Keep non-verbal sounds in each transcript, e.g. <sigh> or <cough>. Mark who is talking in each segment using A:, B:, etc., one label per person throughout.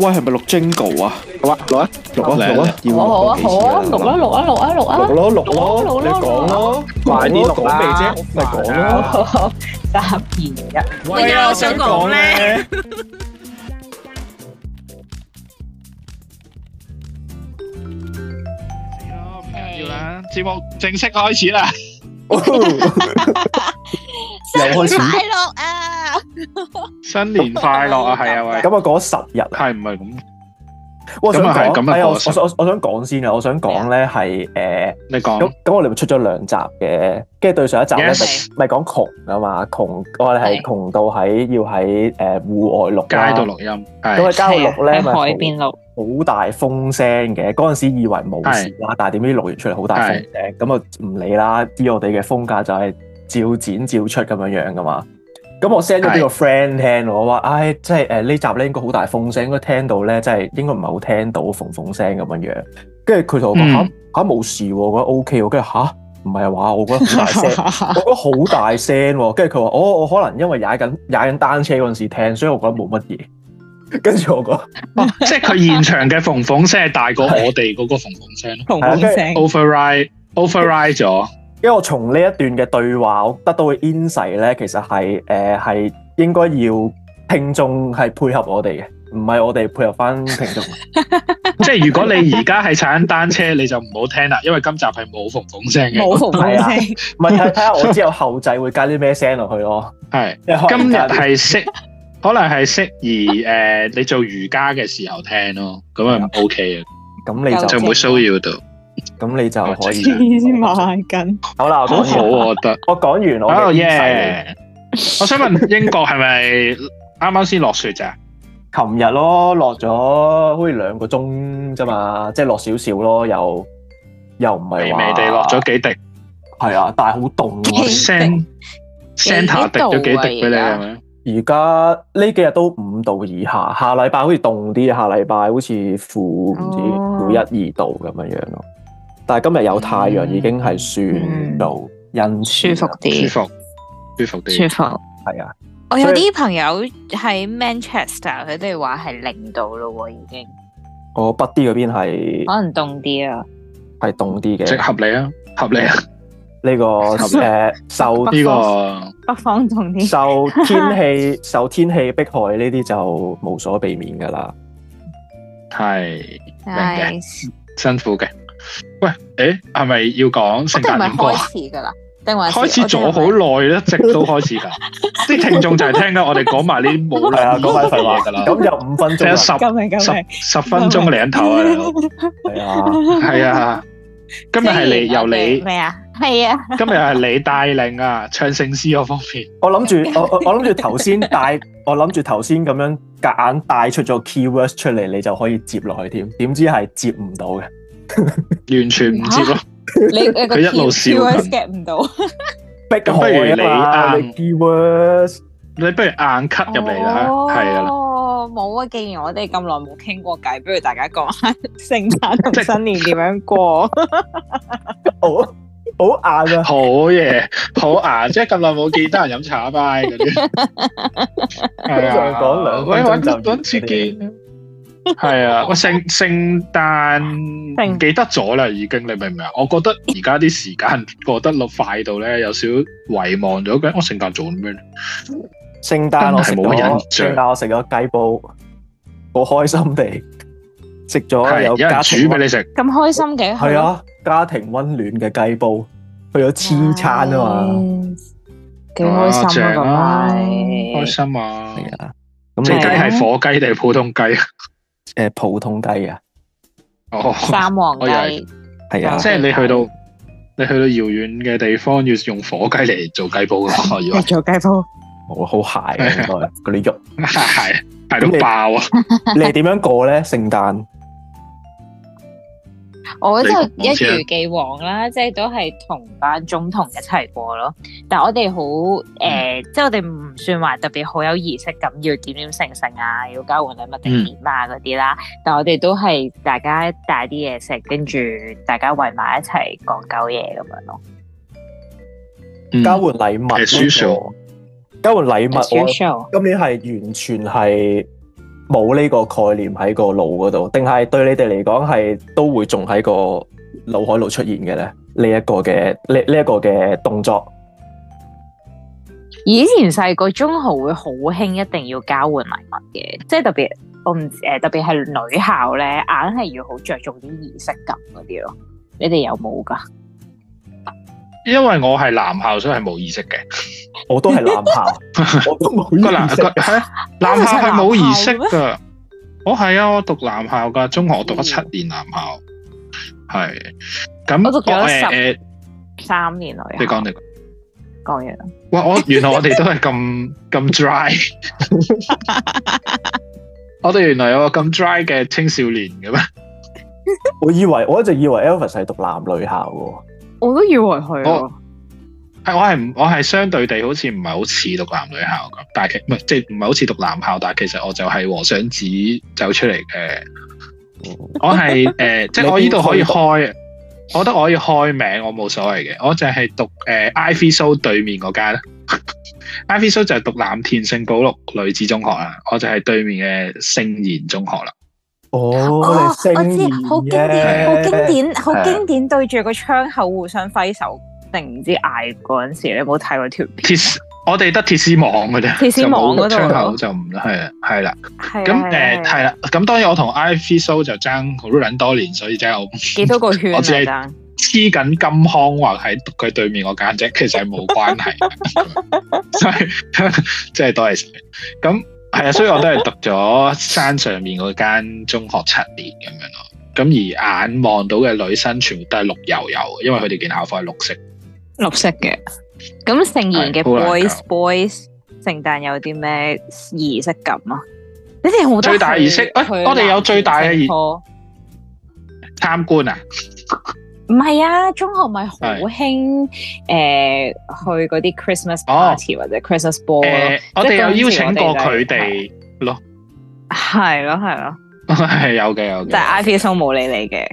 A: 喂，係咪錄 Jingle 啊？錄啊，錄啊，錄啊，錄啊，要錄啊，好啊，錄啊，錄啊，錄
B: 啊，錄啊，錄咯，錄咯，你講咯，我講未先，咪講咯，十件一，乜嘢啊？我想講咩？係咯，
C: 唔緊要啦，節目正式開始啦，
A: 又開始。新年快樂啊，係啊喂，咁啊講十日啊，係唔係咁？
B: 我想講，哎，我
A: 我我想講先啊，我想講咧係誒，你講，咁咁我哋咪出咗兩集嘅，跟住對上一集咧，咪講窮啊嘛，窮，我哋係窮到喺要喺誒戶外錄街，度錄音，咁喺郊外咧海邊錄，好大風聲嘅，嗰陣時以為冇事啦，但係點知錄完出嚟好大風聲，咁啊唔理啦，啲我哋嘅風格就係照剪照出咁樣樣噶嘛。咁我 send 咗俾個 friend 聽，的我話，唉、哎，即係誒呢集咧應該好大風聲，應該聽到咧，即係應該唔係好聽到風風聲咁樣樣。跟住佢同我講，吓吓冇事，我覺得 O、OK、K。我跟住吓，唔係啊話，我覺得好大聲， <laughs> 我覺得好大聲。跟住佢話，哦，我可能因為踩緊踩緊單車嗰陣時聽，所以我覺得冇乜嘢。跟住我講，即係佢現場嘅風風聲係大過我哋嗰個風
B: 風聲咯，風風
A: 聲 override override 咗。 <laughs> 因為我從呢一段嘅對話，我得到嘅 i n s 咧，其實係誒係應該要聽眾係配合我哋嘅，唔係我哋配合翻聽眾。
C: <laughs> <laughs> 即係如果你而
A: 家係踩緊單車，你就唔好聽
C: 啦，因為今集係冇縫
A: 縫聲嘅，冇縫縫聲。唔係睇下我之後後製會加啲咩聲落去咯。係 <laughs> 今日係適， <laughs> 可能係適宜誒、 <laughs> 呃，你做瑜伽嘅時候聽咯，咁啊 OK 嘅。咁、 <laughs> 嗯、你就就唔會騷擾到。 <laughs> 咁你就可以
B: 先買緊
A: 好啦，都好，好，我覺得。 <laughs> 我講完我嘅，oh, yeah. <laughs> 我想問英國係咪啱啱先落雪咋？琴日咯，落咗好似兩個鐘啫嘛，即係落少少咯，又又唔係微微地落咗幾滴，係啊，但係好凍啊，聲聲下滴咗幾滴俾些 <laughs> 你。而家呢幾日都五度以下，下禮拜好似凍啲，下禮拜好似負唔知負、oh. 一二度咁樣樣咯。但係今日有太陽，已經係算到人舒服啲，舒服，舒服啲，舒服。係啊，
B: 我有啲朋友喺 Manchester，佢哋話係零度咯，已經。
A: 哦，北啲嗰邊係
B: 可能凍啲啊，
A: 係凍啲嘅，即係合理啊，合理啊。呢個誒受呢個
B: 北方凍天。
A: 受天氣受天氣迫害呢啲就無所避免噶啦，係係辛苦嘅。
C: 喂，誒，係咪要講聖誕點歌？開始噶啦，
B: 定還是開始咗好
C: 耐一直都開始噶。啲聽眾就係聽緊我哋講埋呢啲冇係啊，講埋廢話噶啦。咁又五分鐘，十十十分鐘嘅兩頭啊，係啊，係啊。
A: 今日係你由你，係啊，係啊。今日係你帶領啊，唱聖詩嗰方面。我諗住，我我諗住頭先帶，我諗住頭先咁樣夾硬帶出咗 keywords 出嚟，你就可以接落去添。點知係接唔到嘅。完全唔知
B: 咯，佢一路笑，get 唔到，不
A: 如你啊，
C: 你不如硬 cut 入嚟啦。係啊，
B: 冇啊，既然我哋咁耐冇傾過偈，不如大家講下聖誕同
C: 新年點樣過。好，好硬啊，好嘢，好硬，即係咁耐冇見得人飲茶啊，by 嗰啲，講兩分鐘就完嘅。係啊，我聖聖誕記得咗啦，已經你明唔明啊？我覺得而家啲時間過得落快到咧，有少遺忘咗嘅，我聖誕
A: 做咩咧？聖誕我係冇乜印象，聖誕我食咗雞煲，好開心地食咗，有家煮俾你食，
B: 咁開心嘅係啊，
A: 家庭溫暖嘅雞煲，去咗黐餐啊嘛，
B: 幾
A: 開心啊，開心啊，係啊，咁隻雞係火
C: 雞定普通雞？誒，
A: 普通雞啊，哦，
B: 三黃雞
C: 係啊，即係你去到你去到遙遠嘅地方，要用火雞嚟做雞煲嘅，我
B: 以為 <laughs> 做雞煲波，
A: 哇、哦，好蟹啊，嗰啲肉係係都爆啊！你哋點 <laughs> 樣過咧？聖誕？
B: 我就一如既往啦，即係都係同班中同一齊過咯。但係我哋好誒，即係我哋唔算話特別好有儀式感，要點點成成啊，要交換禮物定點啊嗰啲啦。但係我哋都係大家帶啲嘢食，跟住大家圍埋一齊講舊嘢咁樣咯。
A: 嗯、交換禮物 show show 交、嗯、換禮物今年係完全係。冇呢個概念喺個腦嗰度，定係對你哋嚟講係都會仲喺個腦海度出現嘅咧？呢、這、一個嘅呢呢一個嘅動作，
B: 以前細個中學會好興一定要交換禮物嘅，即係特別我唔誒、呃、特別係女校咧，硬係要好着重啲儀式感嗰啲咯。你哋有冇噶？
C: 因為我係男校，所以係冇儀式嘅。我都係男校，我都冇儀式。係男校係冇儀式噶。我係啊，我讀男校噶中學，我讀咗七年男校。係咁，我讀咗十三年咯。你講你講嘢啦。哇！我原來我哋都係咁咁 dry。我哋原來有個咁 dry 嘅青少年嘅咩？我以為我一直以為 Elvis 係讀男女校嘅。我都以為佢，係我係我係相對地好似唔係好似讀男女校咁，但係其唔係即係唔係好似讀男校，但係其實我就係和尚子走出嚟嘅。 <laughs> 呃就是、我係誒即係我依度可以開，我覺得我可以開名，我冇所謂嘅，我就係讀誒、呃、ivy s o w 對面嗰間 <laughs> ivy s o w 就係讀藍田聖保祿女子中學啦，我就係對面嘅聖賢
A: 中學啦。
B: 哦，哦升我知，好經典，好經典，好經典，經典的經典，對住個窗口互相揮手，定唔的知嗌嗰陣時，你有冇睇過條片？鐵
C: 我哋得鐵絲網嘅啫，鐵絲絲網嗰度窗口就唔係啦，係啦
B: 裡，咁誒係啦，
C: 咁的當然我同 I F Show 就爭好多年，所以真係幾
B: 多個圈，啊，我只係
C: 黐緊金康，或喺佢對面我簡直，其實係冇關係， <laughs> 所以 <laughs> 真係多謝咁。係啊，所以我都係讀咗山上面嗰間中學七年咁樣咯。咁而眼望到嘅女生全部都係綠油油，因為佢哋件校服係綠色。
B: 綠色嘅，咁聖賢嘅 boys boys，聖誕有啲咩儀式感啊？你
C: 哋好大儀式，誒、欸，我哋有最大嘅儀式參觀啊！ <laughs>
B: 唔係啊，中學咪好興誒去嗰啲 Christmas party 或者 Christmas ball 咯。我哋有邀請過佢哋咯，係咯係咯，
C: 係有嘅有。但
B: 係 IP Show 冇理你嘅，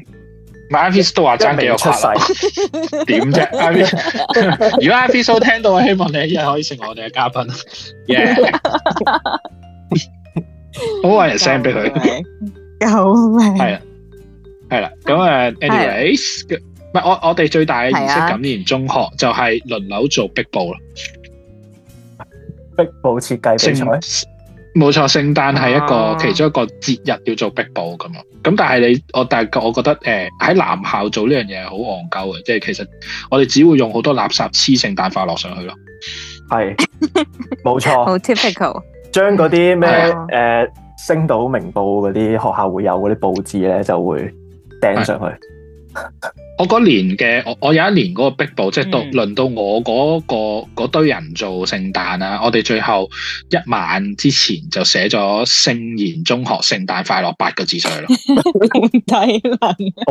C: 唔係 IP Show 都話爭幾多出世
B: 點啫？如果 IP Show 聽到，我希望你一日可
C: 以成為我哋嘅嘉賓。Yeah，我話人 send 俾佢，
B: 夠靚。係啊。
C: 係啦，咁誒，anyways，唔係我我哋最大嘅儀式感，年中學就係輪流做壁布啦，
A: 壁布設計，聖，
C: 冇錯，聖誕係一個、啊、其中一個節日要做壁布咁，咁但係你我但係我覺得誒喺南校做呢樣嘢係好戇鳩嘅，即係其實我哋只會用好多垃圾黐聖誕花落上去咯。係，
A: 冇錯，好 <laughs> typical，將嗰啲咩誒星島明報嗰啲學校會有嗰啲布置咧，就會。掟上去，我嗰
C: 年嘅我我有一年嗰個壁報，即、就、係、是、到輪、嗯、到我嗰、那個嗰堆人做聖誕啊！我哋最後一晚之前就寫咗聖賢中學聖誕快樂八個字
B: 上去咯，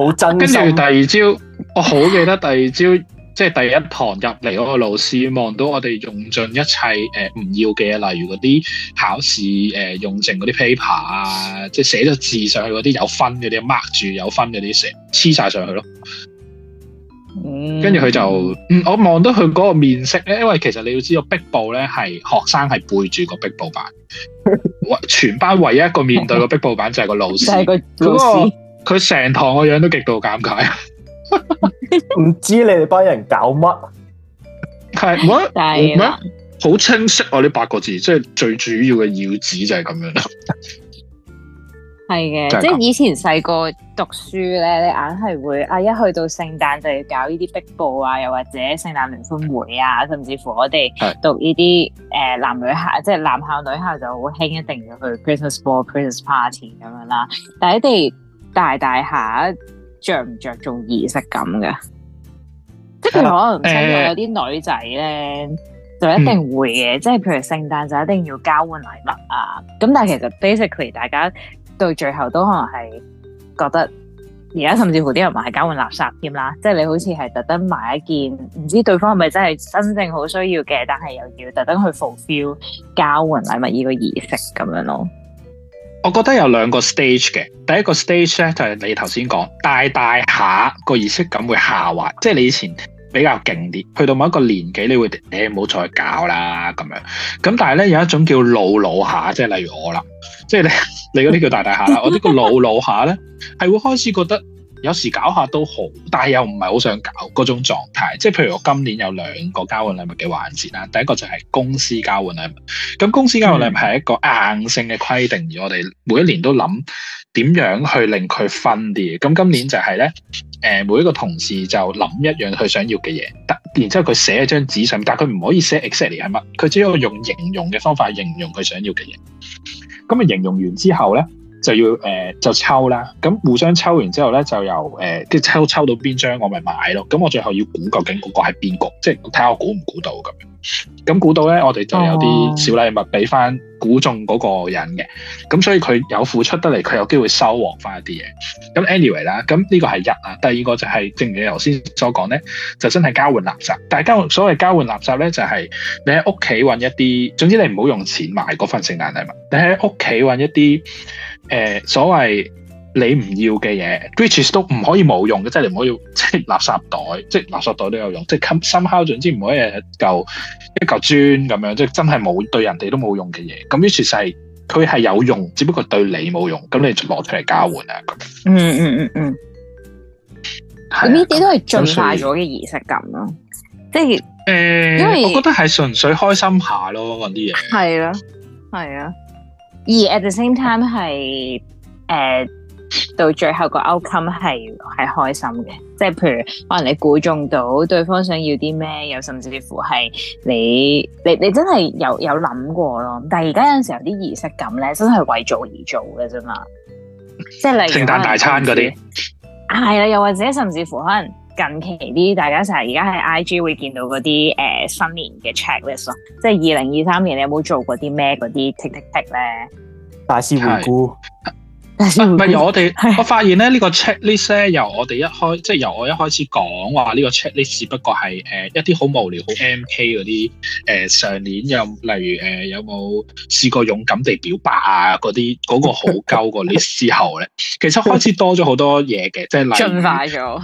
C: 好真，跟住第二朝，我好記得第二朝。 <laughs> <laughs> 即係第一堂入嚟嗰個老師望到我哋用盡一切誒唔要嘅，例如嗰啲考試誒用剩嗰啲 paper 啊，即係寫咗字上去嗰啲有分嗰啲 mark 住有分嗰啲寫黐晒上去咯。
B: 跟住佢
C: 就嗯，我望到佢嗰個面色咧，因為其實你要知道壁布咧係學生係背住個壁布板， <laughs> 全班唯一一個面對個壁布板就係個老師，佢個佢成堂個樣都極度尷尬。
A: 唔 <laughs> 知道你哋班人搞乜？係咩？ <laughs> 乜？好
C: 清晰啊！呢八個字，即係最主要嘅要旨就係咁樣啦。
B: 係 <laughs> 嘅的，即係以前細個讀書咧，你硬係會啊！一去到聖誕就要搞呢啲壁報啊，又或者聖誕聯歡會啊，甚至乎我哋讀呢啲誒男女校，即係男校女校就好興，一定要去 Christmas ball， <laughs> Christmas party 咁樣啦。但係哋大大下。着唔着重儀式感嘅，即係吧可能唔同。有啲女仔咧、嗯、就一定會嘅，即係譬如聖誕就一定要交換禮物啊。咁但係其實 basically 大家到最後都可能係覺得而家甚至乎啲人話係交換垃圾添啦。即係你好似係特登買一件，唔知對方係咪真係真正好需要嘅？但係又要特登去 fulfill 交換禮物呢個儀式咁樣咯。
C: 我覺得有兩個 stage 嘅，第一個 stage 咧就係、是、你頭先講大大下個儀式感會下滑，即係你以前比較勁啲，去到某一個年紀你會你唔好再搞啦咁樣。咁但係咧有一種叫老老下，即係例如我啦，即係咧你嗰啲叫大大下啦，我呢個老老下咧係 <laughs> 會開始覺得。有時搞下都好，但係又唔係好想搞嗰種狀態。即係譬如我今年有兩個交換禮物嘅環節啦，第一個就係公司交換禮物。咁公司交換禮物係一個硬性嘅規定，而我哋每一年都諗點樣去令佢分啲。咁今年就係咧，誒每一個同事就諗一樣佢想要嘅嘢，然之後佢寫一張紙上，但係佢唔可以寫 exactly 係乜，佢只可以用形容嘅方法形容佢想要嘅嘢。咁啊形容完之後咧。就要、欸、就抽啦，咁互相抽完之後咧，就由即抽、欸、抽到邊張我咪買咯、啊。咁我最後要估究竟嗰個係邊個，即係睇下我估唔估到咁樣。咁估到咧，我哋就有啲小禮物俾翻估中嗰個人嘅。咁所以佢有付出得嚟，佢有機會收穫翻一啲嘢。咁 anyway 啦、啊，咁呢個係一啊。第二個就係正如你頭先所講咧，就真係交換垃圾。但係交所謂交換垃圾咧，就係你喺屋企搵一啲，總之你唔好用錢買嗰份聖誕禮物。你喺屋企搵一啲。誒、呃，所謂你唔要嘅嘢，which is 都唔可以冇用嘅，即係你唔可以，即係垃圾袋，即係垃圾袋都有用，即係深深烤總之唔可以係一嚿一嚿磚咁樣，即係真係冇對人哋都冇用嘅嘢。咁於是就係佢係有用，只不過對你冇用。咁你攞出嚟交換啊？嗯嗯嗯
B: 嗯，係呢啲都係進化咗嘅儀式感咯，即係，
C: 嗯，因為我覺得係純粹開心下咯，搵啲嘢。
B: 係咯，係啊。而 at the same time 係誒、呃、到最後個 outcome 係係開心嘅，即係譬如可能你估中到對方想要啲咩，又甚至乎係你你你真係有有諗過咯。但係而家有陣時候啲儀式感咧，真係為做而做嘅啫嘛。即係例如聖誕大餐嗰啲，係啦、啊，又或者甚至乎可能。近期啲大家成日而家喺 IG 會見到嗰啲誒新年嘅 checklist 咯，即係二零二三年你有冇做過啲咩嗰啲 tick tick tick 咧？
A: 大事回顧。
C: 唔係 <laughs> 我哋，我發現咧呢個 check list 由我哋一開，即係由我一開始講話呢個 check list，只不過係誒、呃、一啲好無聊好 M K 嗰啲誒、呃、上年有，例如誒、呃、有冇試過勇敢地表白啊嗰啲，嗰、嗰個好鳩嗰啲，之後咧，其實開始多咗好多嘢嘅，即係進化咗，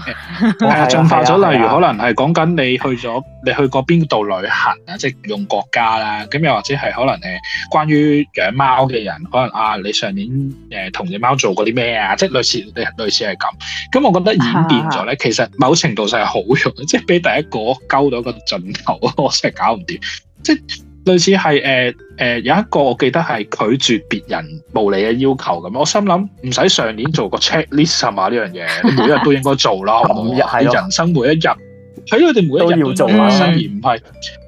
C: 係啊，進化咗。例如可能係講緊你去咗，你去過邊度旅行啊，即係用國家啦，咁又或者係可能誒關於養貓嘅人，可能啊你上年誒同、呃貓做過啲咩啊？即係類似，類類似係咁。咁我覺得演變咗咧，啊、其實某程度上係好用，即係俾第一個溝到一個盡頭，我真係搞唔掂。即係類似係誒誒，有一個我記得係拒絕別人無理嘅要求咁。我心諗唔使上年做個 checklist 係嘛呢樣嘢，你每一日都應該做啦。每日係人生每一日喺佢哋每一日要做啊，而唔係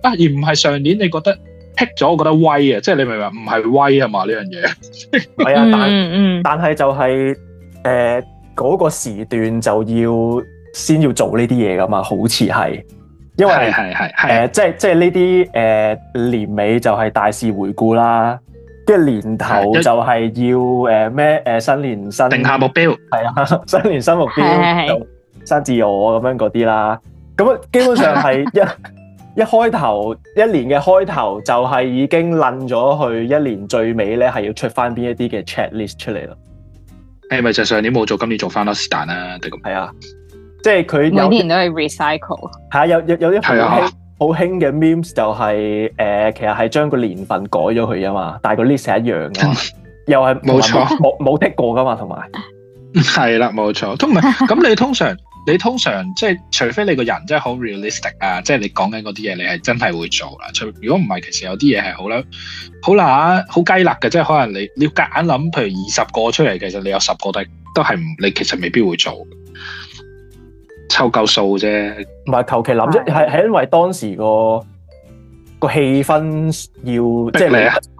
C: 啊，而唔係上年你覺得。剔咗，我覺得威啊！即係你明唔明？唔係威啊嘛呢樣
A: 嘢？係啊、嗯， <laughs> 但係但係就係誒嗰個時段就要先要做呢啲嘢噶嘛，好似係，因為係係係誒，即係即係呢啲誒年尾就係大事回顧啦，跟住年頭就係要誒咩誒新年新定下目標，係啊，新年新目標，係係係生自我咁樣嗰啲啦，咁啊，基本上係一。一開頭一年嘅開頭就係已經諗咗去一年最尾咧，係要出翻邊一啲嘅 chat list 出嚟
C: 咯。誒，咪就上年冇做，今年做翻咯，啊，是但啦，得咁。係啊，
A: 即係佢，啊。每年都係
B: recycle。
A: 吓，有有有啲係啊，好興嘅 meme 就係、是、誒、呃，其實係將個年份改咗佢啊嘛，但係個 list 係一樣嘅， <laughs> 又係冇錯，冇冇剔過噶嘛，同埋係啦，冇錯。 <laughs> 咁唔係，咁你通常？ <laughs> 你通常即係，除
C: 非你個人真係好 realistic 啊，即係你講緊嗰啲嘢，你係真係會做啦。除如果唔係，其實有啲嘢係好啦，好啦好雞肋嘅，即係可能你你要夾硬諗，譬如二十個出嚟，其實你有十個都都係唔，你其實未必會做，抽夠數啫。
A: 唔係求其諗啫，係係因為當時個個氣氛要，啊、即係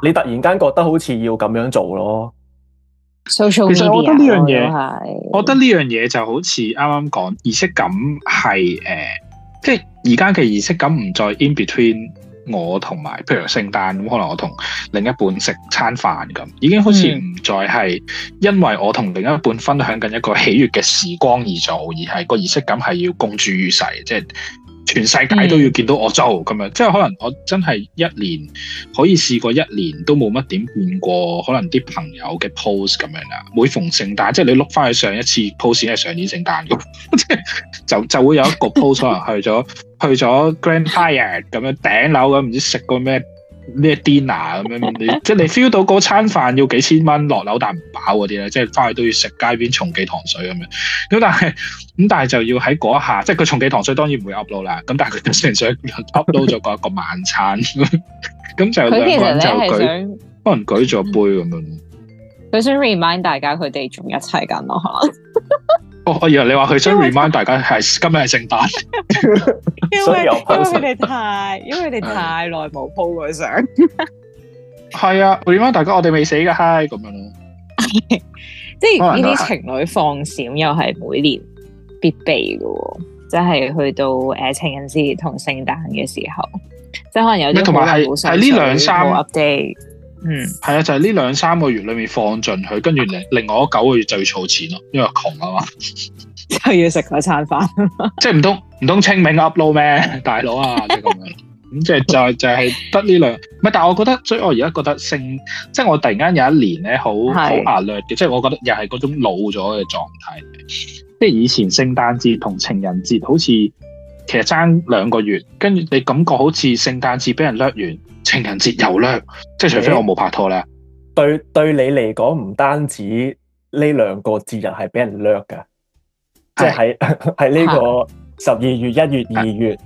A: 你你突然間覺得好似要咁樣做咯。
B: Social media? 其實我覺得呢樣嘢，我，
A: 我覺得呢樣嘢就好似啱啱講儀式感係誒、
C: 呃，即係而家嘅儀式感唔再 in between 我同埋譬如聖誕咁，可能我同另一半食餐飯咁，已經好似唔再係因為我同另一半分享緊一個喜悅嘅時光而做，而係個儀式感係要公諸於世，即係。全世界都要見到我走。咁、嗯、樣，即係可能我真係一年可以試過一年都冇乜點見過，可能啲朋友嘅 post 咁樣啦。每逢聖誕，即係你碌返翻去上一次 post 係上年聖誕咁，即 <laughs> 係就就會有一個 post 可能去咗 <laughs> 去咗 grandfather 咁樣頂樓咁，唔知食過咩？呢一 dinner 咁樣，你即係你 feel 到嗰餐飯要幾千蚊落樓，但唔飽嗰啲咧，即係翻去都要食街邊重記糖水咁樣。咁但係，咁但係就要喺嗰下，即係佢重記糖水當然唔會 upload 啦。咁但係佢突然想 upload 咗嗰個晚餐，咁就 <laughs> 兩個人就舉可能舉咗杯咁樣。
B: 佢想 remind 大家佢哋仲一齊緊咯。 <laughs>
C: 我我以為你話佢想 remind 大家係今日係聖誕，
B: 因為 <laughs> 因為佢哋太因為佢哋太耐冇 po 過相。
C: 係啊，remind 大家我哋未死噶嗨，i 咁樣咯。
B: <laughs> 即係呢啲情侶放閃又係每年必備噶，即係有去到誒、呃、情人節同聖誕嘅時候，即係可能有啲同埋係呢兩三 update。
C: 嗯，係啊，就係呢兩三個月裏面放進去，跟住另另外九個月就要儲錢咯，因為窮啊嘛，
B: 又 <laughs> <laughs> 要食嗰餐飯， <laughs> 即係唔通
C: 唔通清明 upload 咩大佬啊？咁樣咁即係就係、是、就係得呢兩，唔係但係我覺得，所以我而家覺得聖，即、就、係、是、我突然間有一年咧，好好壓略嘅，即、就、係、是、我覺得又係嗰種老咗嘅狀態，即、就、係、是、以前聖誕節同情人節好似其實爭兩個月，跟住你感覺好似聖誕節俾人掠完。情人節又掠，即係除非我冇拍拖啦。
A: 對對你嚟講，唔單止呢兩個節日係俾人掠噶，是即係喺呢個十二月、一月、二月，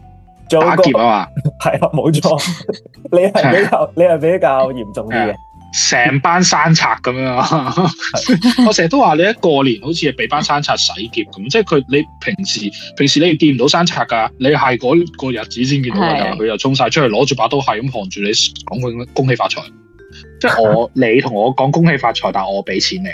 A: 仲是有個係啊，冇 <laughs> 錯， <laughs> 你係比較
C: <laughs> 你係比， <laughs> 比較嚴重啲嘅。成班山賊咁樣 <laughs> <laughs> 我成日都話你一過年好似俾班山賊洗劫咁，即係佢你平時平時你要見唔到山賊㗎，你係嗰個日子先見到佢㗎，佢又衝晒出去攞住把刀，係咁扛住你講佢恭喜發財，即係我你同我講恭喜發財，但我俾錢你，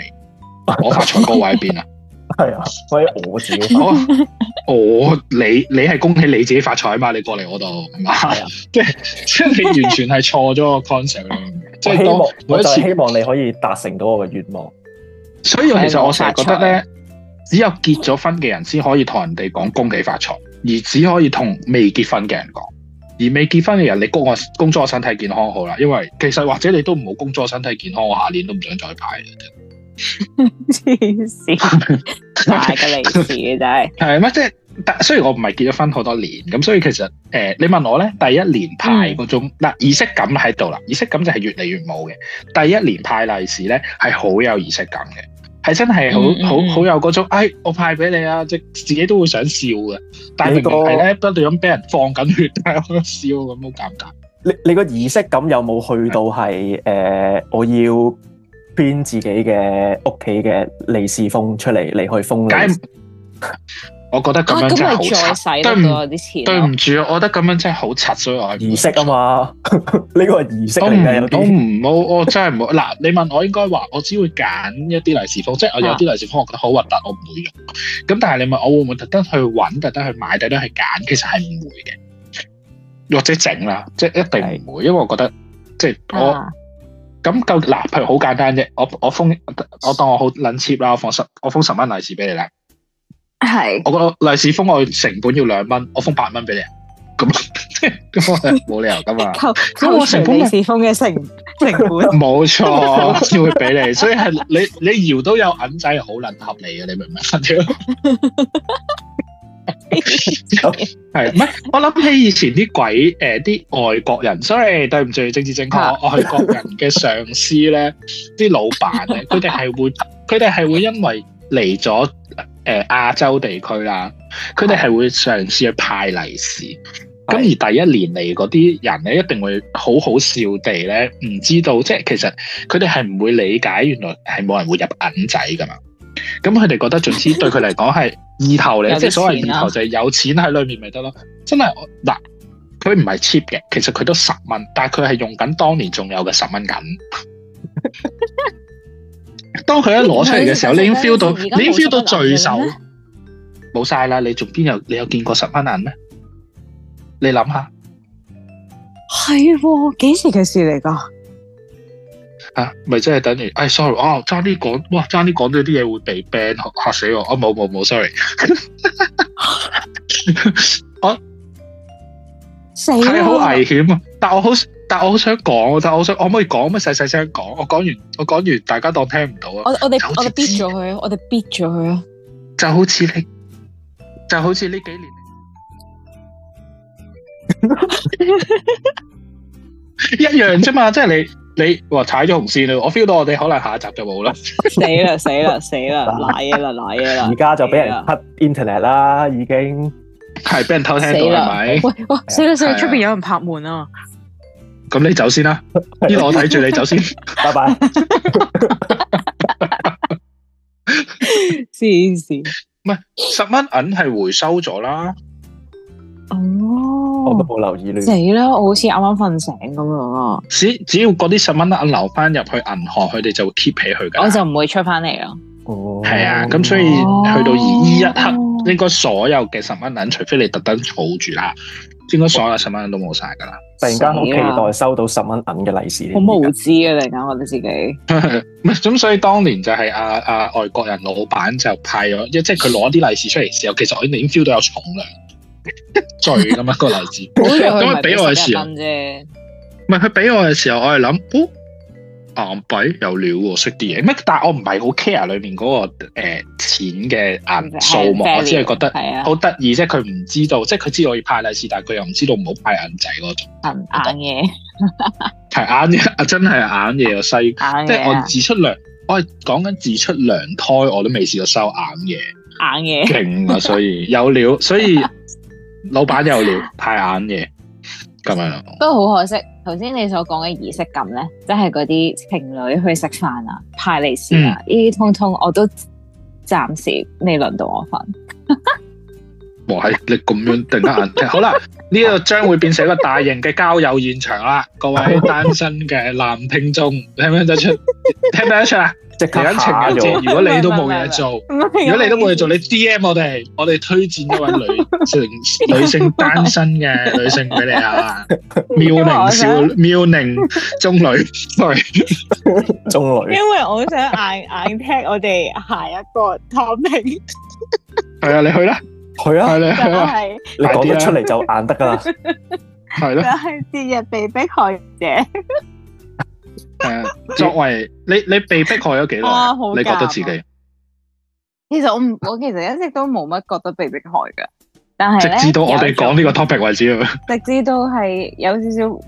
C: 我發財嗰位喺邊啊？ <laughs> 係啊，所以我自己 <laughs> 我，我你
A: 你係恭喜你自己發財嘛？你過嚟我度係啊，即係 <laughs> <laughs> 你完全係錯咗個 concept。即係希望就每一次我就希望你可以達成到我嘅願望。所
C: 以其實我成日覺得咧，啊、只有結咗婚嘅人先可以同人哋講恭喜發財，而只可以同未結婚嘅人講。而未結婚嘅人，你祝我工作身體健康好啦。因為其實或者你都唔好工作身體健康，我下年都唔想再派啦黐線，派嘅利是嘅真係係咩？即係、就是、雖然我唔係結咗婚好多年，咁所以其實誒、呃，你問我咧，第一年派嗰種嗱儀、嗯、式感喺度啦，儀式感就係越嚟越冇嘅。第一年派利是咧，係、嗯、好，好，好有儀式感嘅，係真係好好好有嗰種，哎，我派俾你啊，即係自己都會想笑嘅。但係、這個係咧不斷咁俾人放緊血，但我笑咁好尷尬。你
A: 你個儀式感有冇去到係誒、嗯呃，我要？編自己嘅屋企嘅利是封出嚟，嚟去封。我覺得咁樣真係好。唔對唔住，我覺得咁樣真係好賊，所以我儀式啊嘛，呢個係儀
C: 式我唔冇，我真係冇嗱。你問我應該話，我只會揀一啲利是封，即係我有啲利是封我覺得好核突，我唔會用。咁但係你問我會唔會特登去揾、特登去買、特登去揀，其實係唔會嘅，或者整啦，即係一定唔會，因為我覺得即係我。咁夠嗱，譬如好簡單啫，我我封我當我好捻 cheap 啦，我放十是我封十蚊利是俾你咧。係，我個利是封我成本要兩蚊，我封八蚊俾你，咁即係冇理由噶嘛。咁我成利是
B: 封嘅成成本，
C: 冇錯，先會俾你，所以係你你搖都有銀仔，好捻合理嘅，你明唔明？ <laughs> 係，唔係 <laughs> 我諗起以前啲鬼誒，啲、呃、外國人，sorry，對唔住，政治正確， <laughs> 外國人嘅上司咧，啲老闆咧，佢哋係會，佢哋係會因為嚟咗誒亞洲地區啦，佢哋係會嘗試去派利是，咁 <laughs> 而第一年嚟嗰啲人咧，一定會好好笑地咧，唔知道，即係其實佢哋係唔會理解，原來係冇人會入銀仔噶嘛。咁佢哋覺得，總之對佢嚟講係意頭嚟，即係 <laughs> 善、啊、所謂意頭就係有錢喺裏面咪得咯。真係嗱，佢唔係 cheap 嘅，其實佢都十蚊，但係佢係用緊當年仲有嘅十蚊銀。 <laughs> 當佢一攞出嚟嘅時候， <laughs> 你已經 feel 到，你已經 feel 到聚手，冇晒啦！你仲邊有你有見過十蚊銀咩？你諗下，
B: 係、啊、幾時嘅事嚟㗎？
C: 啊，咪即係等於，哎，sorry，啊爭啲講，哇，爭啲講到啲嘢會被 ban，吓死我！啊，冇冇冇，sorry， <laughs> 我死我，係好危險啊！但係我好，但係我好想講，但係我想，我可以講咩細細聲講，我講完，我講完，大家當聽唔到
B: 啊！我我哋我哋憋咗佢啊，我哋憋咗佢啊，我就好似你，就好似呢幾年 <laughs> <laughs> 一樣啫
A: 嘛，即係你。你話踩咗紅線啦，我 feel 到我哋可能下一集就冇啦，死啦死啦死啦，瀨嘢啦瀨嘢啦，而家就俾人黑 internet 啦，已經係俾人偷聽到啦係咪？
B: 喂，哇，死啦死啦，出邊有人拍門啊！
A: 咁你走先啦，
B: 呢度我睇住你走先，
C: 拜拜。先先，唔係十蚊銀係回收咗啦。哦，oh, 我都冇留意你。
B: 死啦！我好似啱啱瞓醒咁樣啊！只
C: 只要嗰啲十蚊銀留翻入去銀行，佢哋就會 keep 起佢嘅。我
B: 就唔會出翻嚟咯。
C: 哦，係啊，咁所以、oh. 去到依一刻，oh. 應該所有嘅十蚊銀，除非你特登儲住啦，應該所有十蚊銀都冇晒噶啦。突然間好期待收到十蚊銀嘅利是，好無
B: 知啊！突然間覺得自己
C: 唔咁， <laughs> 所以當年就係阿阿外國人老闆就派咗，即係佢攞啲利是出嚟嘅時候， <laughs> 其實我已經 feel 到有重量。醉咁樣個例子，當佢俾我嘅時候
B: 啫，
C: 唔係佢俾我嘅時候，我係諗，哦，硬幣有料喎，識啲嘢咩？但係我唔係好 care 裏面嗰個誒錢嘅銀數目，我只係覺得好得意，即係佢唔知道，即係佢知道我要派利是，但係佢又唔知道唔好派銀仔嗰
B: 種硬嘢，
C: 係硬嘢啊！真係硬嘢又犀，即係我自出糧，我係講緊自出糧胎，我都未試過收
B: 硬嘢，硬嘢勁
C: 啊！所以有料，所以。老闆又聊，太眼嘅咁啊！
B: 不過好可惜，頭先你所講嘅儀式感咧，即係嗰啲情侶去食飯啊、派利是啊，呢啲、嗯、通通我都暫時未輪到我份。 <laughs>
C: 哇！你咁樣定得硬聽，好啦，呢個將會變成一個大型嘅交友現場啦。各位單身嘅男聽眾，聽唔聽得出？聽唔聽得出啊？直情情人節，如果你都冇嘢做，如果你都冇嘢做，你 DM 我哋，我哋推薦呢位女性女性單身嘅女性俾你啊，妙齡少妙齡
A: 中女，中女。因
B: 為我好想硬硬聽，我哋下一個 topic。
A: 係啊，你去啦。係啊，係啊，係！你講得出嚟就硬得噶啦，
B: 係咯。節日被迫害者。 <laughs>
C: 係作為你，你被迫害咗幾耐？哦啊、你覺得自己？
B: 其實我唔，我其實一直都冇乜覺得被迫害噶。但係直至到我哋講呢個
C: topic 為止啊，
B: 直至到係有少少，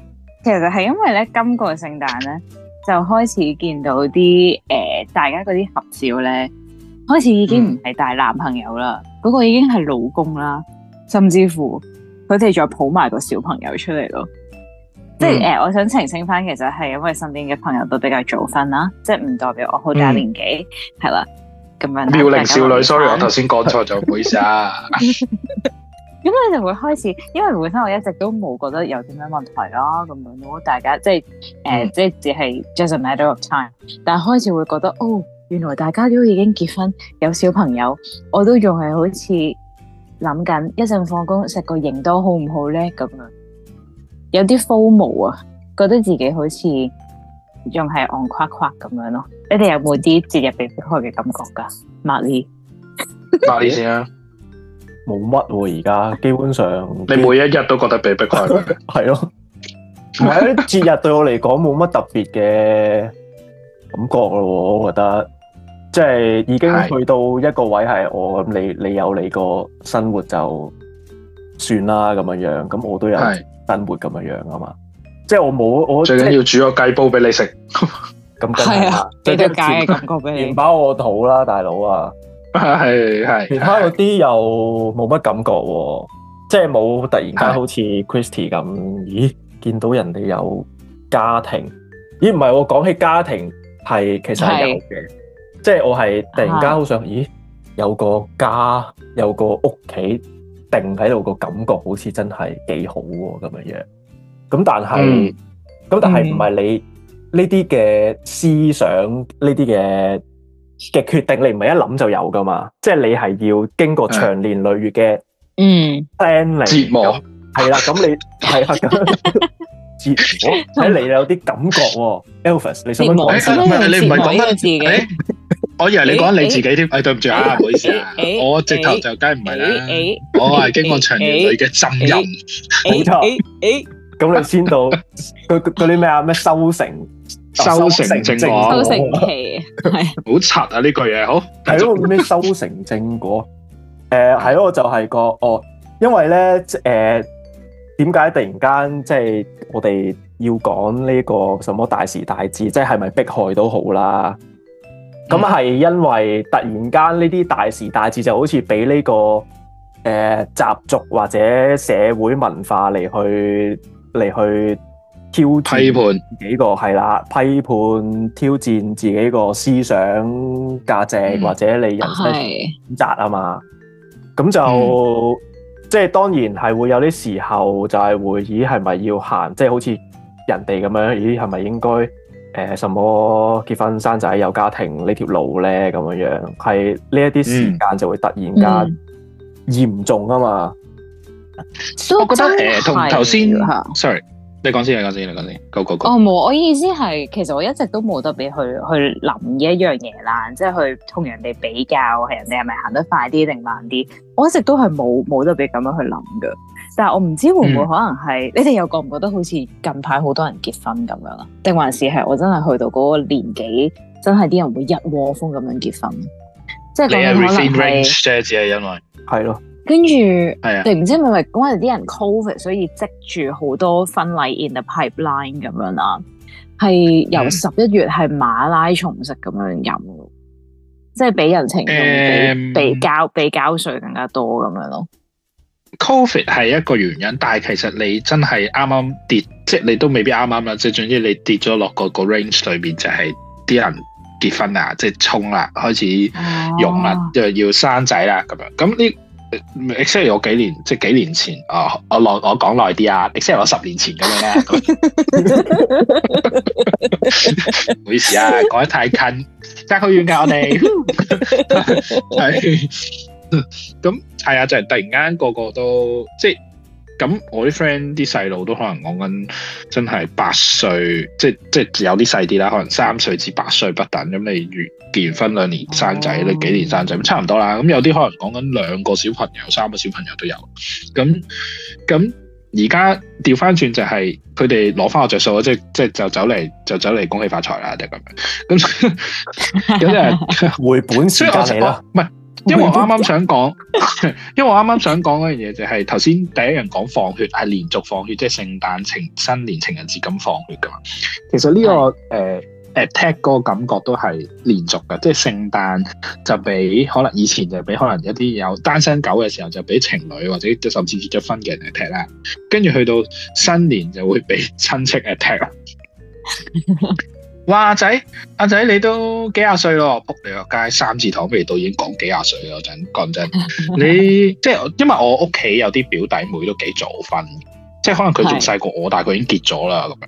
B: 其實係因為咧，今個聖誕咧就開始見到啲誒、呃，大家嗰啲合照咧，開始已經唔係大男朋友啦。嗯嗰個已經係老公啦，甚至乎佢哋再抱埋個小朋友出嚟咯。即係誒、嗯呃，我想澄清翻，其實係因為身邊嘅朋友都比較早婚啦，即係唔代表我好大年紀，係啦咁樣。妙齡少女了，sorry，我頭先講錯咗，唔好意思啊。咁你就會開始，因為本身我一直都冇覺得有啲咩問題咯，咁樣如果大家即係誒，即係、呃、只係 just a matter of time，但係開始會覺得哦。原來大家都已經結婚有小朋友，我都仲係好似諗緊一陣放工食個營多好唔好咧咁樣，有啲 FOMO 啊，覺得自己好似仲係 on 誇誇咁樣咯。你哋有冇啲節日被逼開嘅感覺噶？Money，Money
A: 先啊，冇乜喎。而家基本上你每一
C: 日都覺得被逼開，
A: 係咯、 <laughs> 啊。唔係咧，節 <laughs> 日對我嚟講冇乜特別嘅感覺咯，我覺得。即係已經去到一個位，係我你你有你個生活就算啦咁樣樣，咁我都有生活咁樣樣啊嘛。即係我冇我最緊要煮個雞煲俾你食，咁係啊，俾隻雞嘅感覺俾你填飽我肚啦，大佬啊，係係。其他嗰啲又冇乜感覺，即係冇突然間好似 Christy 咁，咦？見到人哋有家庭，咦？唔係我講起家庭係其實係有嘅。即係我係突然間好想，咦，有個家，有個屋企定喺度，個感覺好似真係幾好咁樣樣。咁但係，咁但係唔係你呢啲嘅思想，呢啲嘅嘅決定，你唔係一諗就有噶嘛？即係你係要經過長年累月嘅嗯煎煉折磨，係啦。咁你係啊，折磨，睇你有啲感覺喎，Elvis，你想唔想？你唔係講呢個字我以為你講你自己添，誒對唔住啊，唔好意思啊，我直頭就
C: 梗係唔係啦，我係經過長年累嘅
A: 浸淫。冇錯，誒咁你先到，嗰啲咩啊咩修成、收成正果、收
B: 成
A: 期，好柒啊呢句嘢，好係咯，咩修成正果，誒係咯，就係個我，因為咧誒點解突然間即係我哋要講呢個什麼大時大節，即係係咪迫害都好啦。咁係、嗯、因為突然間呢啲大時大節就好似俾呢個誒習、呃、俗或者社會文化嚟去嚟去挑戰批判，批判幾個係啦，批判挑戰自己個思想價值、嗯、或者你人生選擇啊嘛。咁的就即係、嗯、當然係會有啲時候就係會，咦係咪要行？即、就、係、是、好似人哋咁樣，咦係咪應該？誒，什麼結婚生仔有家庭這條呢條路咧，咁樣樣係呢一啲時間就會突然間嚴、嗯嗯、重啊嘛。
B: 所以我覺得誒，同頭先
A: ，sorry，你講先，你講先，你講先
C: ，Go,
B: go, go. 哦，冇，我意思係，其實我一直都冇得比去去諗嘅一樣嘢啦，即係去同人哋比較，係人哋係咪行得快啲定慢啲，我一直都係冇冇得比咁樣去諗噶。但係我唔知會唔會可能係、嗯、你哋又覺唔覺得好似近排好多人結婚咁樣啊？定還是係我真係去到嗰個年紀，真係啲人會一窩蜂咁樣結婚？即係你係 everything
A: stage 只係因為係咯，
B: 跟住係啊，唔知係咪因為啲人 covid 所以積住好多婚禮 in the pipeline 咁樣啦？係由十一月係馬拉松式咁樣飲，嗯、即係俾人情用比交、嗯、比交比交稅更加多咁樣咯。
C: Covid 係一個原因，但係其實你真係啱啱跌，即係你都未必啱啱啦。即係總之你跌咗落個 range 裏面，就係、是、啲人結婚啊，即係衝啦，開始用啦，就、啊、要生仔啦咁樣。咁呢 exactly 我幾年，即係幾年前啊，我耐我講耐啲啊 exactly 我十年前咁樣啦。唔 <laughs> <laughs> 好意思啊，講得太近，真係好遠噶我哋。 <laughs> 咁係啊，就係、是、突然間個個都即係咁，就是、我啲 friend 啲細路都可能講緊，真係八歲，即係即係有啲細啲啦，可能三歲至八歲不等。咁你完結完婚兩年生仔你、哦、幾年生仔咁差唔多啦。咁有啲可能講緊兩個小朋友、三個小朋友都有。咁咁而家調翻轉就係佢哋攞翻個着數，即係即係就走嚟就走嚟恭喜發財啦，對對 <laughs> <laughs> 就咁、是、樣。咁有啲人回本先嚟咯，唔係。因為我啱啱想講，因為我啱啱想講嗰樣嘢，就係頭先第一樣講放血係連續放血，即係聖誕、情新年、情人節咁放血噶。其實呢、這個誒誒 attack 嗰個感覺都係連續噶，即係聖誕就俾、是、可能以前就俾可能一啲有單身狗嘅時候就俾情侶或者甚至結咗婚嘅人嚟踢啦，跟住去到新年就會俾親戚嚟踢啦。 <laughs> 哇仔，阿仔你都幾廿歲咯，仆你個街三字頭不如都已經講幾廿歲咯，講真，你即係 <laughs> 因為我屋企有啲表弟妹都幾早婚。即係可能佢仲細過我，是但係佢已經結咗啦，咁樣。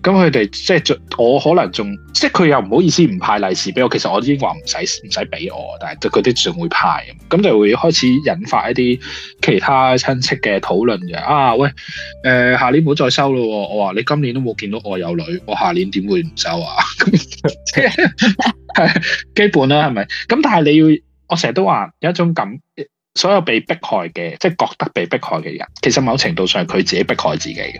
C: 咁佢哋即係我可能仲，即係佢又唔好意思唔派利是俾我。其實我已經話唔使唔使俾我，但係佢啲仲會派，咁就會開始引發一啲其他親戚嘅討論嘅。啊，喂，誒、呃，下年唔好再收咯。我話你今年都冇見到我有女，我下年點會唔收啊？咁 <laughs> 係 <laughs> <laughs> 基本啦，係咪？咁但係你要，我成日都話有一種感。所有被迫害嘅，即係覺得被迫害嘅人，其實某程度上係佢自己迫害自己
B: 嘅。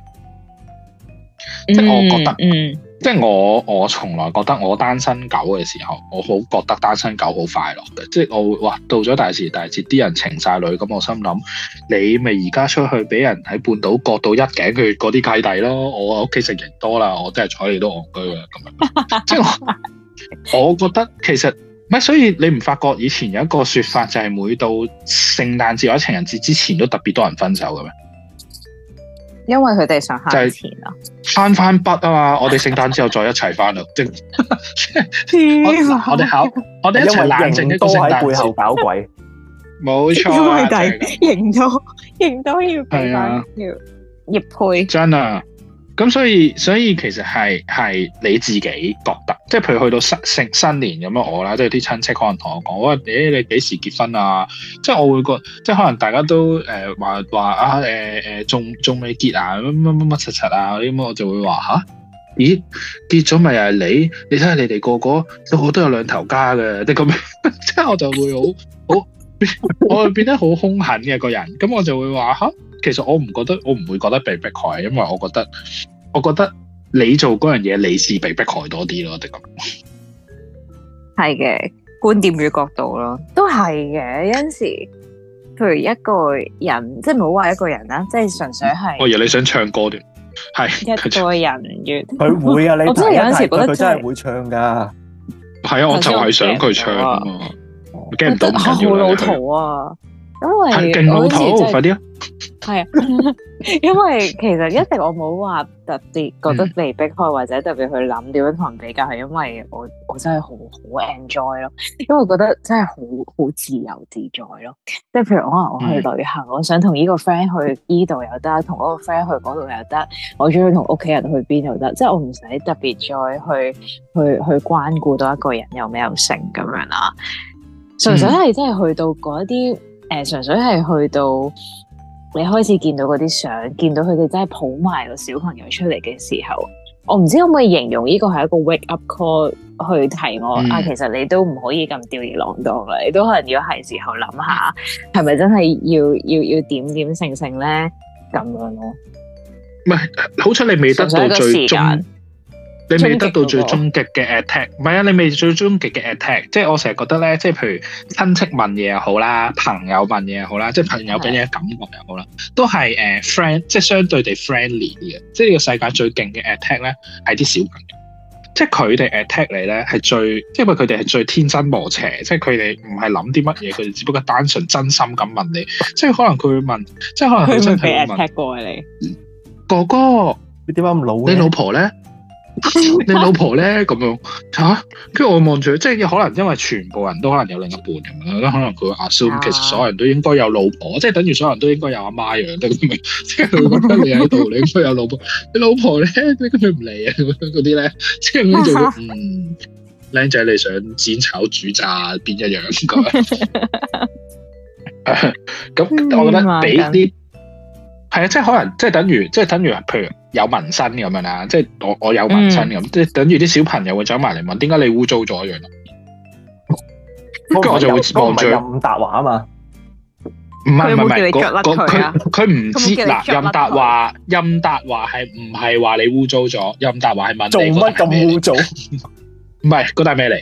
B: 嗯、即係我覺得，嗯、即
C: 係我我從來覺得我單身狗嘅時候，我好覺得單身狗好快樂嘅。即係我哇，到咗大時大節，啲人情晒女，咁我心諗你咪而家出去俾人喺半島割到一頸佢嗰啲契弟咯。我啊屋企食人多啦，我真係睬你都戇居嘅咁樣。 <laughs> 即係我，我覺得其實。唔係，所以你唔發覺以前有一個說法就係每到聖誕節或者情人節之前都特別多人分手嘅咩？
B: 因為佢哋想慳錢
C: 咯。翻翻筆啊嘛！我哋聖誕之後再一齊翻啦。即
B: 係！我哋考我哋一齊冷靜，都喺背後
C: 搞鬼。冇錯。因為第
B: 認到認到要配翻要
C: 葉佩真啊！咁所以所以其實係係你自己覺得，即係譬如去到新新年咁樣我啦，即係啲親戚可能同我講，我話、欸、你幾時結婚啊？即係我會覺得，即係可能大家都誒話話啊誒誒仲仲未結啊乜乜乜乜柒柒啊啲咁，什麼什麼什麼什麼我就會話吓，咦結咗咪又係你？你睇下你哋個個都好，都有兩頭家嘅，即你咁，即 <laughs> 係我就會好好我會變得好凶狠嘅個人，咁我就會話吓。其實我唔覺得，我唔會覺得被逼害，因為我覺得，我覺得你做嗰樣嘢，你是
B: 被逼害多啲咯，的確。係嘅，觀點與角度咯，都係嘅。有陣時，譬如一個人，即係唔好話一個人啦，即係純粹係。我以為
C: 你想唱歌添，係。一個
B: 人越佢會啊，你拍拍
A: 我真係有陣時覺得佢佢真係會唱噶。係啊，我就係想佢唱啊，驚唔到我啊，好老土啊。
B: 因為好似好係，係啊，因為其實一直我冇話特別覺得被逼開，或者特別去諗點樣同人比較，係、嗯、因為我我真係好好 enjoy 咯，因為我覺得真係好好自由自在咯，即係譬如可能我去旅行，嗯、我想同呢個 friend 去呢度又得，同嗰個 friend 去嗰度又得，我中意同屋企人去邊度得，即係我唔使特別再去去去關顧到一個人有咩有剩咁樣啦，純粹係真係去到嗰一啲。誒，純、呃、粹係去到你開始見到嗰啲相，見到佢哋真係抱埋個小朋友出嚟嘅時候，我唔知可唔可以形容呢個係一個 wake up call 去提我、嗯、啊。其實你都唔可以咁吊兒郎當啦，你都可能要果係時候諗下，係咪真係要要要點點成成咧咁樣咯？唔係，好彩你未得到個時最緊。你未得到最終
C: 極嘅 attack，唔係啊，你未最終極嘅 attack，即係我成日覺得咧，即係譬如親戚問嘢又好啦，朋友問嘢又好啦，即係朋友俾你嘅
B: 感覺又好啦，是
C: 的都係、呃、friend，即係相對地 friendly 啲嘅，即係呢個世界最勁嘅 attack 咧係啲小朋友，即係佢哋 attack 你咧係最，因為佢哋係最天真無邪，即係佢哋唔係諗啲乜嘢，佢哋只不過單純真心咁問你，即係可能佢會問，即係可能佢想俾 attack 過、啊、你，哥哥，你點解咁老呢？你老婆咧？ <laughs> 你老婆咧咁樣吓？跟、啊、住我望住，即係可能因為全部人都可能有另一半咁樣啦。可能佢會 assume 其實所有人都應該有老婆，啊、即係等於所有人都應該有阿媽樣。咁咪 <laughs> 即係佢覺得你喺度，你應該有老婆。 <laughs> 你老婆咧，你咁佢唔嚟啊？嗰啲咧，即係叫做嗯，靚仔，你想煎炒煮炸邊一樣？咁、 <laughs> <laughs> <laughs> 嗯，我覺得俾啲係啊，即係可能，即係等於，即係等於，譬如。有紋身咁樣啦，即係我我有紋身咁，即係等住啲小朋友會走埋嚟問，點解你污糟咗一樣？我就會望住任達華啊嘛，唔係唔係唔係，佢佢佢
A: 唔知嗱，任達華
C: 任達華係唔係話你污糟咗？任達華係問做乜咁污糟？唔係嗰單咩嚟？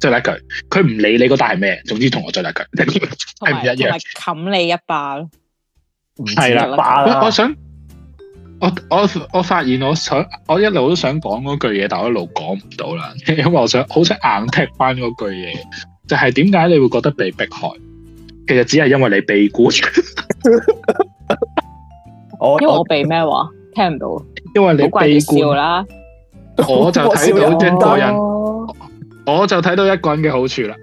C: 即後一句，佢唔理你嗰單係咩，總之同
B: 我再後一句係唔一樣，冚你一把咯，係啦，我我
C: 想。我我我發現我想我一路都想講嗰句嘢，但我一路講唔到啦，因為我想好想硬踢翻嗰句嘢，就係點解你會覺得被迫害？其實只係因為你被雇 <laughs> 我，因
B: 為我被咩話聽唔到， <laughs> 我因為你被雇啦，我就睇到一個人。
C: 我就睇到一個人嘅好處啦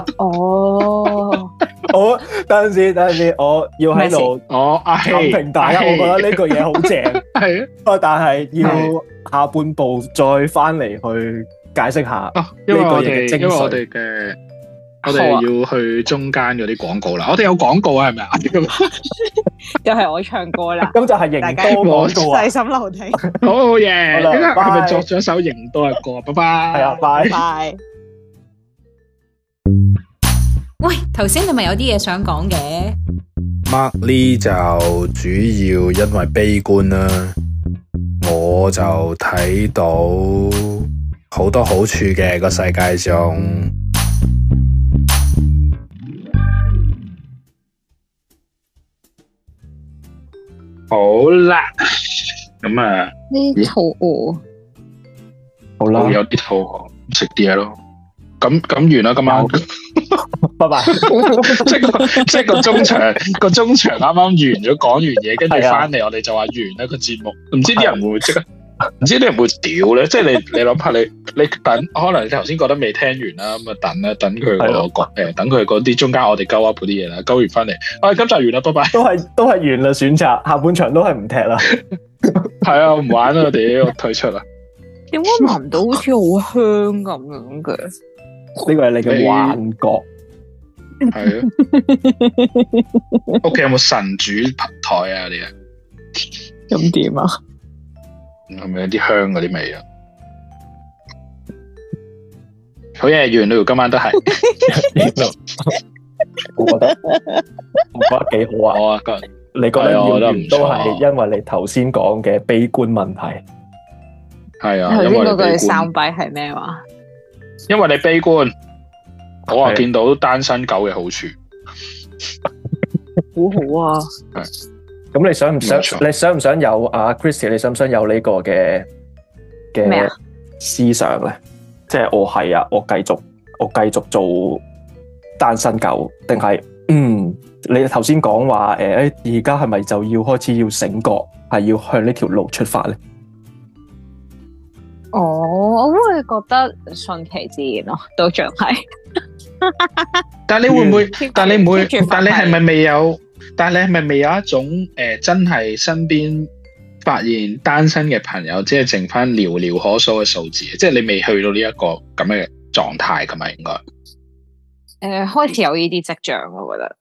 C: <laughs> 、
B: 哦。
A: 哦，我等陣先，等陣先，我要喺度。哦，阿、啊、希，大家、啊、我覺得呢句嘢好正，係啊，但係要下半部再翻嚟去解釋一下、啊，呢句嘢。正我哋嘅。我哋
C: 要去中間嗰啲廣告啦，我哋有廣告啊，係咪？
B: 又係我唱歌啦，
C: 咁就係盈多一個，細
B: 心留聽。
C: 好嘅，依家係咪作咗首盈多一個？拜拜。係啊，拜拜。
B: 喂，頭先你咪有啲嘢想講嘅
C: ？mark 呢就主要因為悲觀啦，我就睇到好多好處嘅個世界上。好啦，咁啊，
B: 呢肚餓，
C: 好啦，有啲肚餓，食啲嘢咯。咁咁完啦，今晚，
A: 拜
B: 拜。即係即係個中場，個中場啱
C: 啱完咗，講完嘢，跟住翻嚟，我哋就話完一個節目。唔知啲人會唔會即刻？唔知你唔會屌咧？即係 <laughs> 你你諗下你你等，可能你頭先覺得未聽完啦，咁啊等啦，等佢嗰、嗰個誒，是啊、等佢嗰啲中間我哋勾 up 嗰啲嘢啦，勾完翻嚟，我、哎、哋今集完啦，拜拜都。都係都係完啦，選擇
A: 下半場都係唔踢啦，係啊，唔玩啦，屌， <laughs> 我哋退出啦。
B: 點解聞到好似好香咁樣嘅？呢 <laughs> 個係你嘅幻
A: 覺。
C: 係咯。屋企有冇神主台啊？啲
B: 咁點啊？
C: 係咪有啲香嗰啲味啊？好嘢，圓女今晚都係，我
A: 覺得我覺得幾好啊。你覺得圓圓都係因為你頭先講嘅悲觀問題，係啊，頭先嗰句三
B: 弊係咩話？
A: 因為你悲觀，我啊見到單身狗嘅好處，
B: 好好啊。
A: 咁你想唔想？你想唔想，錯想，想有阿 Christy 你想唔想有呢個嘅嘅思想咧？麼即係我係啊，我繼續，我繼續做單身狗，定係嗯？你頭先講話誒，誒、欸，而家係咪就要開始要醒覺，係要向呢條路出發咧？
B: 哦，我會覺得順其自然咯、啊，都仲係。
C: <laughs> 但你會唔會？嗯、但你唔會？著但你係咪未有？但係你係咪未有一種誒、呃、真係身邊發現單身嘅朋友，即係剩翻寥寥可數嘅數字，即係你未去到呢、這、一個咁嘅狀態，咁咪應該
B: 誒、呃、開始有呢啲跡象，我覺得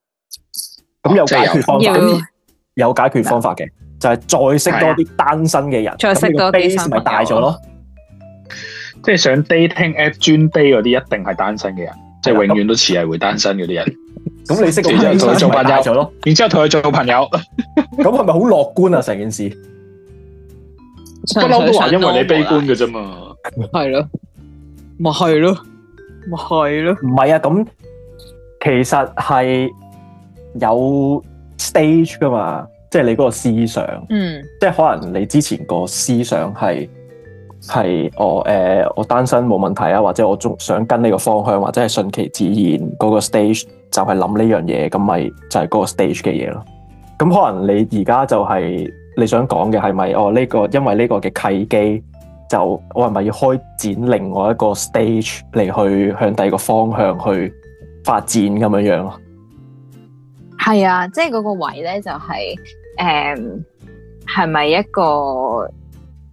A: 咁、哦、有解決方法，有，有，有解決方法嘅的就係再識多啲單身嘅人，再識多啲，咪的大咗咯。
C: 即係、嗯、上 dating app 專 d a y 嗰啲，一定係單身嘅人，即係的永遠都似係會單
A: 身嗰啲人。是的 <laughs> 咁你識佢，然之後同佢做朋友咗咯。然之後同佢做朋友，咁係咪好樂觀啊？成件事
B: 不嬲 <laughs> 都話因為你悲觀
A: 嘅啫嘛。係咯，咪係咯，咪係咯。唔係啊，咁其實係有 stage 噶嘛，即係你嗰個思想，嗯，即係可能你之前個思想係係我誒、呃，我單身冇問題啊，或者我仲想跟呢個方向，或者係順其自然嗰個 stage。就係諗呢樣嘢，咁咪就係嗰個 stage 嘅嘢咯。咁可能你而家就係、是、你想講嘅係咪哦？呢、這個因為呢個嘅契機，就我係咪要開展另外一個 stage 嚟去向第二個方向去發
B: 展咁樣樣囉？係啊，即係嗰個位咧就係、是、誒，係、嗯、咪一個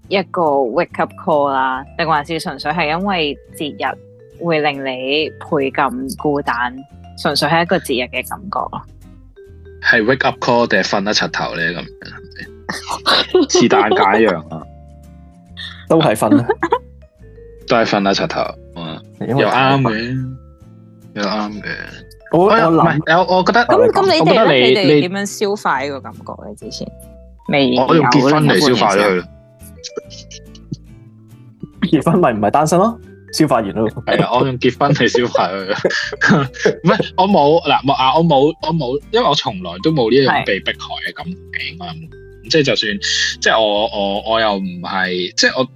B: 一個 wake up call 啦、啊？定還是純粹係因為節日會令你倍咁孤單？純粹係一個節日嘅感覺咯，
C: 係 wake up call 定係瞓得柒頭咧咁，
B: 是但 <laughs> 解
C: 樣啊，都係瞓啊， <laughs> 都係瞓啊，柒頭啊，又啱嘅，又啱嘅，
B: 我唔係我，我覺得咁咁，你哋你哋點樣消化呢個感覺咧？之前未，我用結婚嚟消化佢，結
A: 婚咪唔係單身咯？消化完咯，係 <laughs> 啊，我
C: 用結婚嚟消化佢。
A: 唔 <laughs>
C: 係，我冇嗱啊，我冇我冇，因為我從來都冇呢一種被迫害嘅感覺。是即係就算，即係我我我又唔係，即係我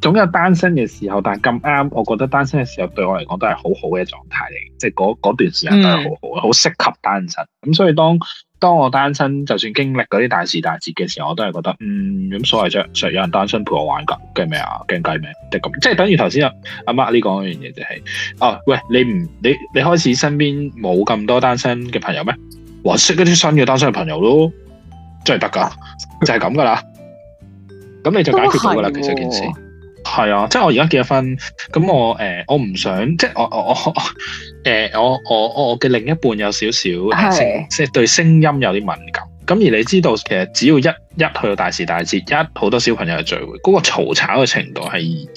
C: 總有單身嘅時候。但係咁啱，我覺得單身嘅時候對我嚟講都係好好嘅狀態嚟，即係嗰段時間都係好好，好、嗯、適合單身。咁所以當當我單身，就算經歷嗰啲大時大節嘅時候，我都係覺得，嗯，咁所謂啫，想有人單身陪我玩㗎，驚咩啊？驚計咩？即係等於頭先阿阿 Mark 你講樣嘢就係，哦，喂，你唔你你開始身邊冇咁多單身嘅朋友咩？我識一啲新嘅單身嘅朋友咯，真係得噶，就係咁噶啦，咁 <laughs> 你就解決到噶啦，其實是、哦、件事。係啊，即係我而家結咗婚，咁我誒、呃，我唔想即係我我我誒，我我、呃、我嘅另一半有少少即係的對聲音有啲敏感。咁而你知道，其實只要一一去到大時大節，一好多小朋友嘅聚會，嗰、那個嘈吵嘅程度係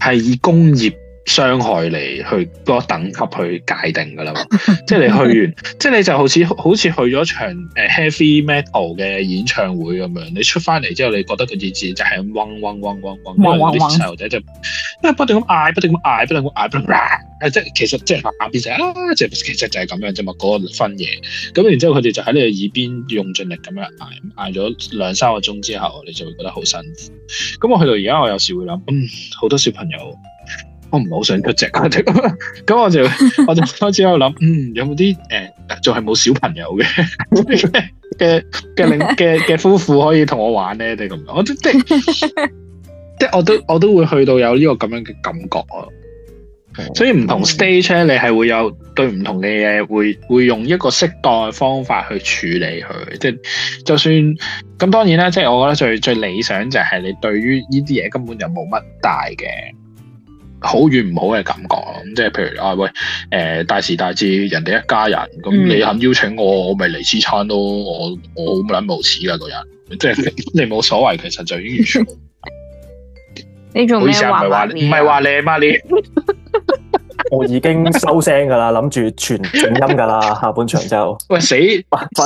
C: 係以，以工業。傷害嚟去嗰個等級去界定㗎啦，即係你去完，即係你就好似好似去咗場誒 heavy metal 嘅演唱會咁樣，你出翻嚟之後，你覺得佢哋只就係嗡嗡嗡嗡嗡，嗡嗡，啲細路仔就因為不斷咁嗌，不斷咁嗌，不斷咁嗌，不斷啦，誒即係其實即係下邊就即係其實就係咁樣啫嘛，嗰個分嘢。咁然之後佢哋就喺你耳邊用盡力咁樣嗌，嗌咗兩三個鐘之後，你就會覺得好辛苦。咁我去到而家，我有時會諗，嗯，好多小朋友。我唔係好想出席咁，我就我就，我就開始喺度諗， <laughs> 嗯，有冇啲誒，仲係冇小朋友嘅嘅嘅嘅嘅夫婦可以同我玩呢？定係咁， <laughs> 我即即即我都我都會去到有呢個咁樣嘅感覺，嗯，所以唔同 stage, s t a g 你係會有對唔同嘅嘢，會會用一個適當嘅方法去處理佢。即就算咁，當然啦，即係我覺得最最理想就係你對於呢啲嘢，根本就冇乜大嘅。遠不好與唔好嘅感覺，咁即係譬如啊，喂、哎，誒、呃，大時大節人哋一家人，咁你肯邀請我，我咪嚟黐餐咯，我我好冇撚無恥啊，個人，
A: 即係你冇所謂，
C: 其實就
B: 已經完全。你做咩
C: 話？唔係話你嘛？你
A: 我已經收聲噶啦，諗住全靜音噶啦，下半場就喂死，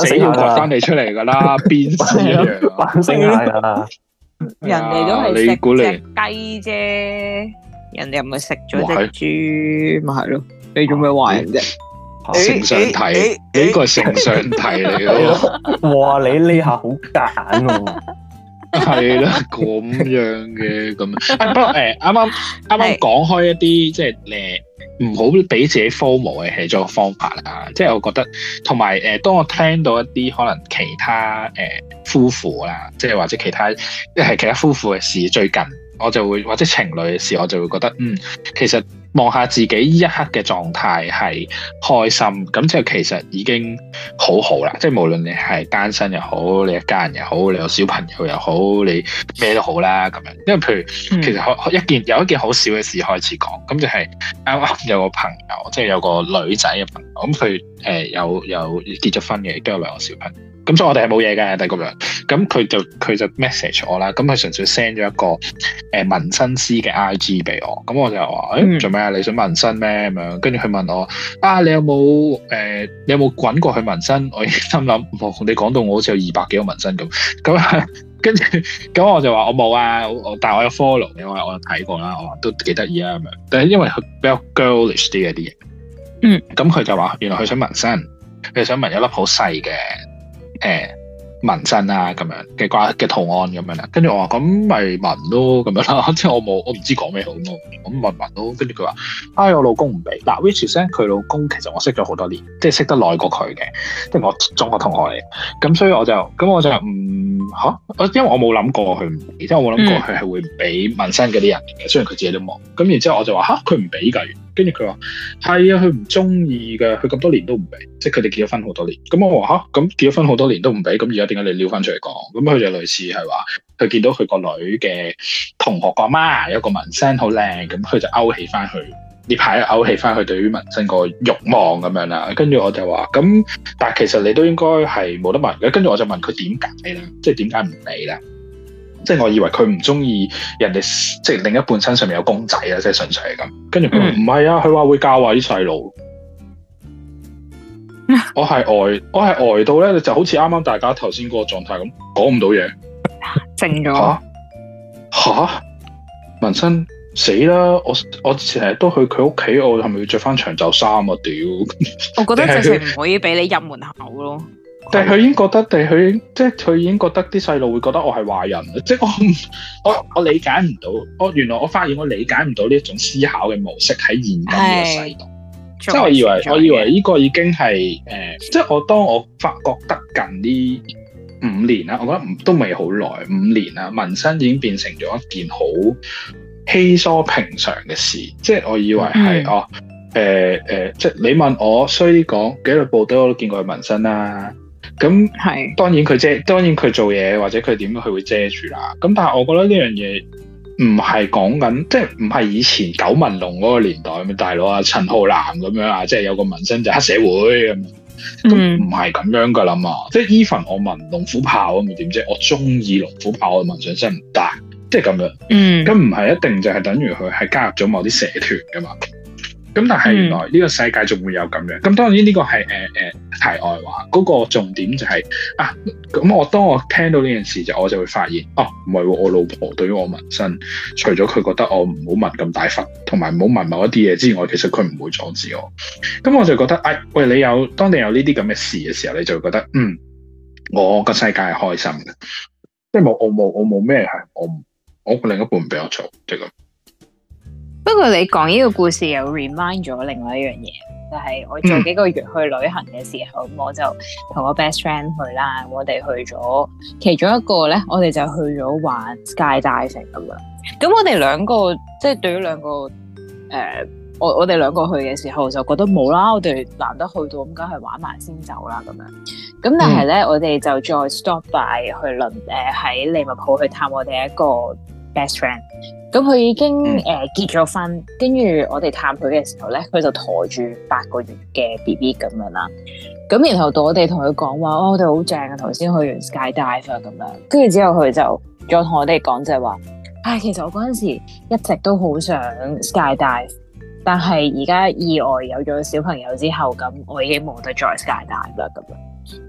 A: 死要掘翻你出嚟噶啦，變聲
B: 變聲啊！人哋都係食隻雞啫。人哋又咪食咗隻豬，咪係咯？你做咩話人啫？啊啊、成相睇，呢個、欸欸欸、成相睇嚟嘅
A: 喎。 <laughs> 哇！你呢下好揀喎、啊。係啦， <laughs> 咁樣嘅咁樣。誒、 <laughs> 啊，不過誒，啱
C: 啱啱啱講開一啲，即係誒唔好俾自己 FOMO 嘅其中方法啦。即係我覺得，同埋誒，當我聽到一啲可能其他誒、呃、夫婦啦，即係或者其他即係其他夫婦嘅事，最近。我就會，或者情侶嘅事，我就會覺得嗯，其實望下自己呢一刻嘅狀態，係開心，咁就其實已經好好啦。即係無論你係單身又好，你一家人又好，你有小朋友又好，你咩都好啦咁樣，因為譬如其實可一件有一件好，嗯、小嘅事開始講，咁就係啱啱有個朋友，即係有個女仔嘅朋友，咁佢誒有有結咗婚嘅，亦都有兩個小朋友。咁所以我哋係冇嘢嘅，但咁樣。咁佢就佢就 message 我啦。咁佢純粹 send 咗一個誒紋身師嘅 IG 俾我。咁我就話誒做咩啊？你想紋身咩？咁樣。跟住佢問我啊，你有冇誒、呃、你有冇滾過去紋身？我已經心諗，我同你講到我好似有二百幾個紋身咁。咁跟住咁我就話我冇啊。我，我但係我有 follow 你。我有睇過啦。我都幾得意啊咁樣。但係因為佢比較 girlish 啲嘅啲嘢。咁佢、嗯、就話原來佢想紋身，佢想紋一粒好細嘅。誒，紋身啦，咁、啊、樣嘅掛嘅圖案咁樣啦，跟住我話咁咪紋咯，咁樣啦，即係我冇我唔知講咩好咁紋紋咯。跟住佢話，唉、哎，我老公唔俾嗱，which is 佢老公其實我識咗好多年，即係識得耐過佢嘅，即係我中學同學嚟。咁所以我就咁我就唔吓，我、嗯啊、因為我冇諗過佢唔俾，即係我冇諗過佢係會俾紋身嗰啲人嘅。嗯、雖然佢自己都冇咁，然之後我就話吓，佢唔俾噶。他跟住佢話係啊，佢唔中意嘅，佢咁多年都唔俾，即係佢哋結咗婚好多年。咁我話吓，咁結咗婚好多年都唔俾，咁而家點解你撩翻出嚟講？咁佢就類似係話，佢見到佢個女嘅同學個媽有個紋身好靚，咁佢就勾起翻佢呢排勾起翻佢對於紋身個慾望咁樣啦。跟住我就話，咁但係其實你都應該係冇得問嘅。跟住我就問佢點解呢？即係點解唔理呢？即係我以為佢唔中意人哋，即係另一半身上面有公仔純的、嗯、啊！即係純粹咁，跟住佢唔係啊，佢話會教壞啲細路。我係呆，我係呆到咧，就好似啱啱大家頭先嗰個狀態咁，講唔到嘢，靜咗了。吓？文生死啦！我我成日都去佢屋企，我係咪要着翻長袖衫啊？屌！
B: 我覺得直情唔可以俾你入門口咯。
C: 但係佢已經覺得，但係佢即係佢已經覺得啲細路會覺得我係壞人，即係我我我理解唔到。我原來我發現我理解唔到呢一種思考嘅模式喺現今呢
B: 個世道。的即係我以為的我以為呢
C: 個已經係誒、呃，即係我當我發覺得近呢五年啦，我覺得都未好耐五年啦，紋身已經變成咗一件好稀疏平常嘅事。即係我以為係、嗯、哦誒誒、呃呃，即係你問我，雖講幾多部隊我都見過佢紋身啦。咁，係那是當然佢遮，當然佢做嘢或者佢點，佢會遮住啦。咁但係我覺得呢樣嘢唔係講緊，即係唔係以前九紋龍嗰個年代，咁大佬啊陳浩南咁樣啊，即係有個紋身就黑社會咁，
B: 咁唔
C: 係咁樣噶啦嘛。即係 even 我紋龍虎豹咁點知？我中意龍虎豹，我紋上身唔得，即係咁樣。嗯，咁唔係一定就係等於佢係加入咗某啲社團噶嘛。咁但係原來呢個世界仲會有咁樣，咁、嗯、當然呢個係誒誒題外話，嗰、那個重點就係、是、啊，咁我當我聽到呢件事就我就會發現，哦唔係、啊、我老婆對於我紋身，除咗佢覺得我唔好紋咁大份，同埋唔好紋某一啲嘢之外，其實佢唔會阻止我，咁我就覺得，哎喂，你有當你有呢啲咁嘅事嘅時候，你就會覺得嗯，我個世界係開心嘅，即係冇我冇我冇咩係我我另一半唔畀我做即係咁。就是。
B: 不過你講呢個故事又 remind 咗另外一樣嘢，就係、是、我做幾個月去旅行嘅時候，嗯、我就同我 best friend 去啦，我哋去咗其中一個咧，我哋就去咗玩 Sky 大城，咁樣。咁我哋兩個即係、就是、對於兩個誒、呃，我我哋兩個去嘅時候就覺得冇啦，我哋難得去到咁，梗係玩埋先走啦咁樣。咁但係咧，嗯、我哋就再 stop by 去輪誒喺利物浦去探我哋一個。best friend，咁佢已經誒、嗯呃、結咗婚，跟住我哋探佢嘅時候咧，佢就抬住八個月嘅 B B 咁樣啦。咁然後到我哋同佢講話，哦、我哋好正啊！頭先去完 sky dive 啊，咁樣，跟住之後佢就再同我哋講就係、是、話，唉、哎，其實我嗰陣時一直都好想 sky dive，但係而家意外有咗小朋友之後，咁我已經冇得再 sky dive 啦，咁樣。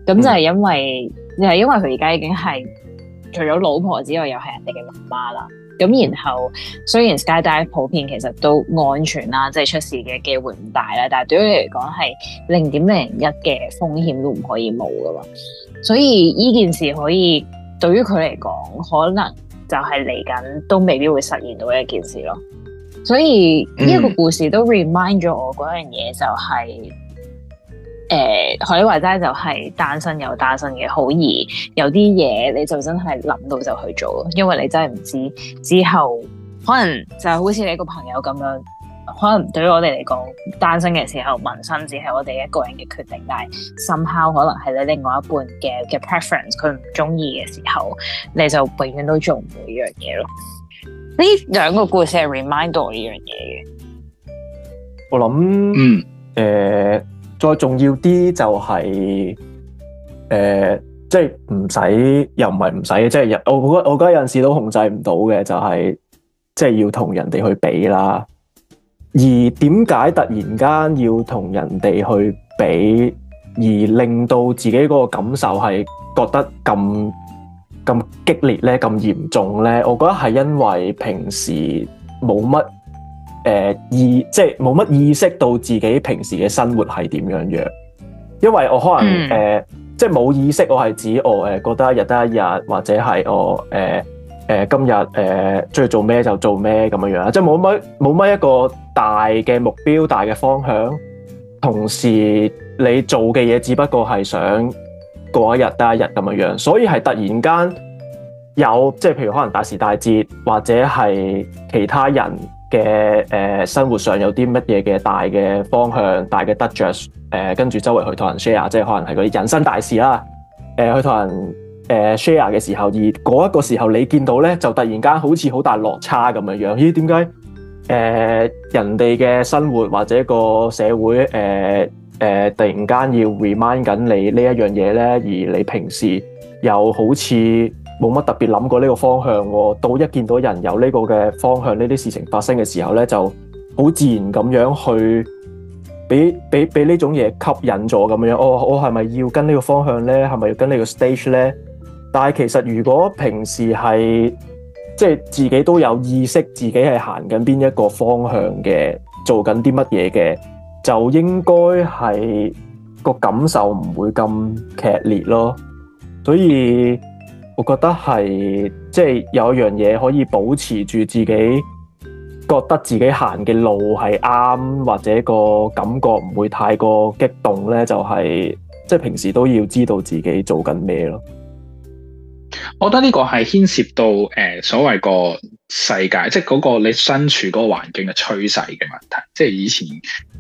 B: 咁就係因為，嗯、就係因為佢而家已經係。除咗老婆之外，又係人哋嘅媽媽啦。咁然後，雖然 skydive 普遍其實都安全啦，即係出事嘅機會唔大啦，但係對於你嚟講係零點零一嘅風險都唔可以冇噶嘛。所以呢件事可以對於佢嚟講，可能就係嚟緊都未必會實現到一件事咯。所以依、呢個故事都 remind 咗我嗰樣嘢，就係、嗯。誒，海話齋就係單身有單身嘅好，易，有啲嘢你就真係諗到就去做咯，因為你真係唔知之後可能就好似你個朋友咁樣，可能對於我哋嚟講，單身嘅時候紋身只係我哋一個人嘅決定，但係 somehow 可能係你另外一半嘅嘅 preference，佢唔中意嘅時候，你就永遠都做唔到呢樣嘢咯。呢兩個故事係 remind 我呢樣嘢嘅，
A: 我諗想，誒、嗯。呃再重要啲就係，誒，即係唔使又唔係唔使，即係我我我覺得有陣時都控制唔到嘅，就係即係要同人哋去比啦。而點解突然間要同人哋去比，而令到自己嗰個感受係覺得咁咁激烈咧、咁嚴重咧？我覺得係因為平時冇乜。誒意即係冇乜意識到自己平時嘅生活係點樣樣，因為我可能誒、嗯呃、即係冇意識，我係指我誒覺得一日得一日，或者係我誒誒、呃呃、今日誒，中、呃、意做咩就做咩咁樣樣，即係冇乜冇乜一個大嘅目標、大嘅方向。同時你做嘅嘢，只不過係想過一日得一日咁樣樣，所以係突然間有即係譬如可能大時大節，或者係其他人，嘅誒、呃、生活上有啲乜嘢嘅大嘅方向、大嘅得著誒，跟、呃、住周圍去同人 share，即係可能係嗰啲人生大事啦、啊。誒、呃、去同人誒 share 嘅時候，而嗰一個時候你見到咧，就突然間好似好大落差咁樣樣。咦？點解誒人哋嘅生活或者個社會誒誒、呃呃、突然間要 remind 緊你呢一樣嘢咧？而你平時又好似～冇乜特別諗過呢個方向喎、哦，到一見到人有呢個嘅方向，呢啲事情發生嘅時候咧，就好自然咁樣去俾俾俾呢種嘢吸引咗咁樣。哦，我係咪要跟呢個方向咧？係咪要跟呢個 stage 咧？但係其實如果平時係即係自己都有意識，自己係行緊邊一個方向嘅，做緊啲乜嘢嘅，就應該係、這個感受唔會咁劇烈咯。所以。我覺得係即係有一樣嘢可以保持住自己覺得自己行嘅路係啱，或者個感覺唔會太過激動咧，就係即係平時都要知道自己做緊咩咯。
C: 我覺得呢個係牽涉到誒、呃、所謂個。世界即係嗰個你身處嗰個環境嘅趨勢嘅問題，即係以前，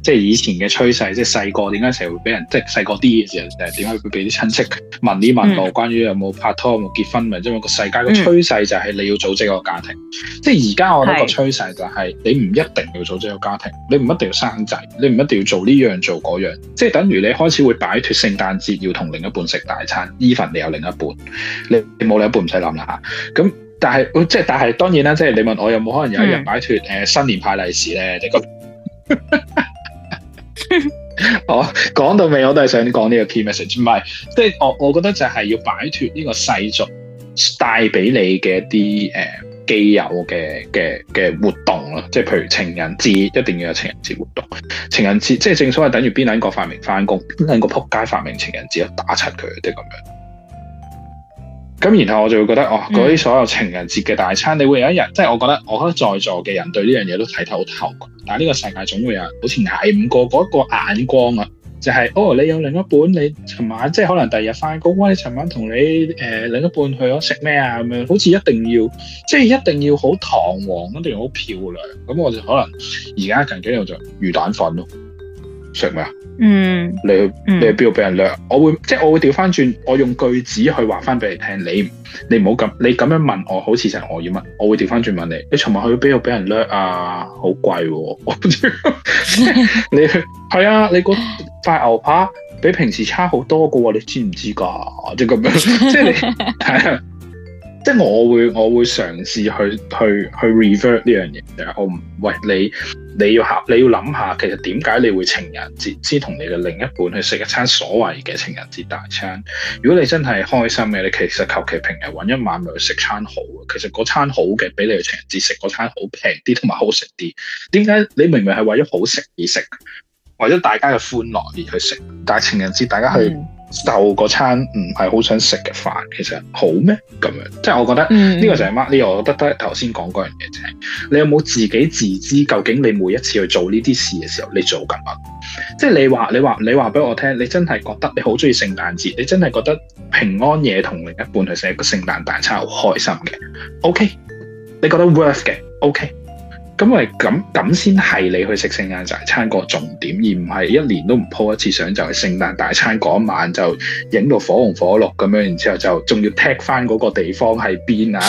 C: 即係以前嘅趨勢。即係細個點解成日會俾人，即係細個啲嘅時候誒，點解會俾啲親戚問呢問我關於有冇拍拖、有冇結婚？咪、嗯、因為個世界嘅趨勢就係你要組織個家庭。嗯、即係而家我都覺得個趨勢就係你唔一定要組織個家庭，是你唔一定要生仔，你唔一定要做呢樣做嗰樣，即係等於你開始會擺脱聖誕節要同另一半食大餐，Even 你有另一半，你冇另一半唔使諗啦嚇。咁但係即係，但係當然啦，即係你問我有冇可能有一日擺脱誒新年派利是咧？你係咁。我講到尾，我都係想講呢個 key message，唔係即係我我覺得就係要擺脱呢個世俗帶俾你嘅一啲誒既有嘅嘅嘅活動咯，即係譬如情人節一定要有情人節活動，情人節即係正所謂等於邊兩個發明翻工，邊兩個仆街發明情人節打他，打柒佢即係咁樣。咁然後我就會覺得，哦，嗰啲所有情人節嘅大餐，嗯、你會有一日，即係我覺得，我覺得在座嘅人對呢樣嘢都睇得好透，但係呢個世界總會有，好似挨唔過嗰個眼光啊，就係哦，你有另一半，你尋晚即係可能第二日翻工，喂，你尋晚同你誒另一半去咗食咩啊？咁樣好似一定要，即係一定要好堂皇，一定要好漂亮。咁我就可能而家近幾日就魚蛋粉咯。食咩啊？嗯，你去你喺邊度俾人掠？嗯、我會即係、我會調翻轉，我用句子去話翻俾你聽。你你唔好咁，你咁樣問我好似成日我要問，我會調翻轉問你，你尋日去邊度俾人掠啊？好貴，你係啊？你個塊牛扒比平時差好多噶，你知唔知噶？即係咁樣，即係你係啊？ <laughs> <laughs> 即係我會，我會嘗試去去去 revert 呢樣嘢。我唔喂，你，你要你要諗下，其實點解你會情人節先同你嘅另一半去食一餐所謂嘅情人節大餐？如果你真係開心嘅，你其實求其平日揾一晚咪去食餐好。其實嗰餐好嘅，比你去情人節食嗰餐好平啲，同埋好食啲。點解你明明係為咗好食而食，為咗大家嘅歡樂而去食？但係情人節大家去、嗯。就嗰餐唔係好想食嘅飯，其實好咩咁樣？即係我覺得呢、mm hmm. 個就係、是、乜？呢我覺得得頭先講嗰樣嘢。就係你有冇自己自知？究竟你每一次去做呢啲事嘅時候，你做緊乜？即係你話你話你話俾我聽，你真係覺得你好鍾意聖誕節，你真係覺得平安夜同另一半去食一個聖誕大餐好開心嘅。OK，你覺得 worth 嘅。OK。咁咪咁咁先係你去食聖誕曬餐個重點，而唔係一年都唔鋪一次相就係聖誕大餐嗰晚就影到火紅火綠咁樣，然之後就仲要 tag 翻嗰個地方喺邊啊？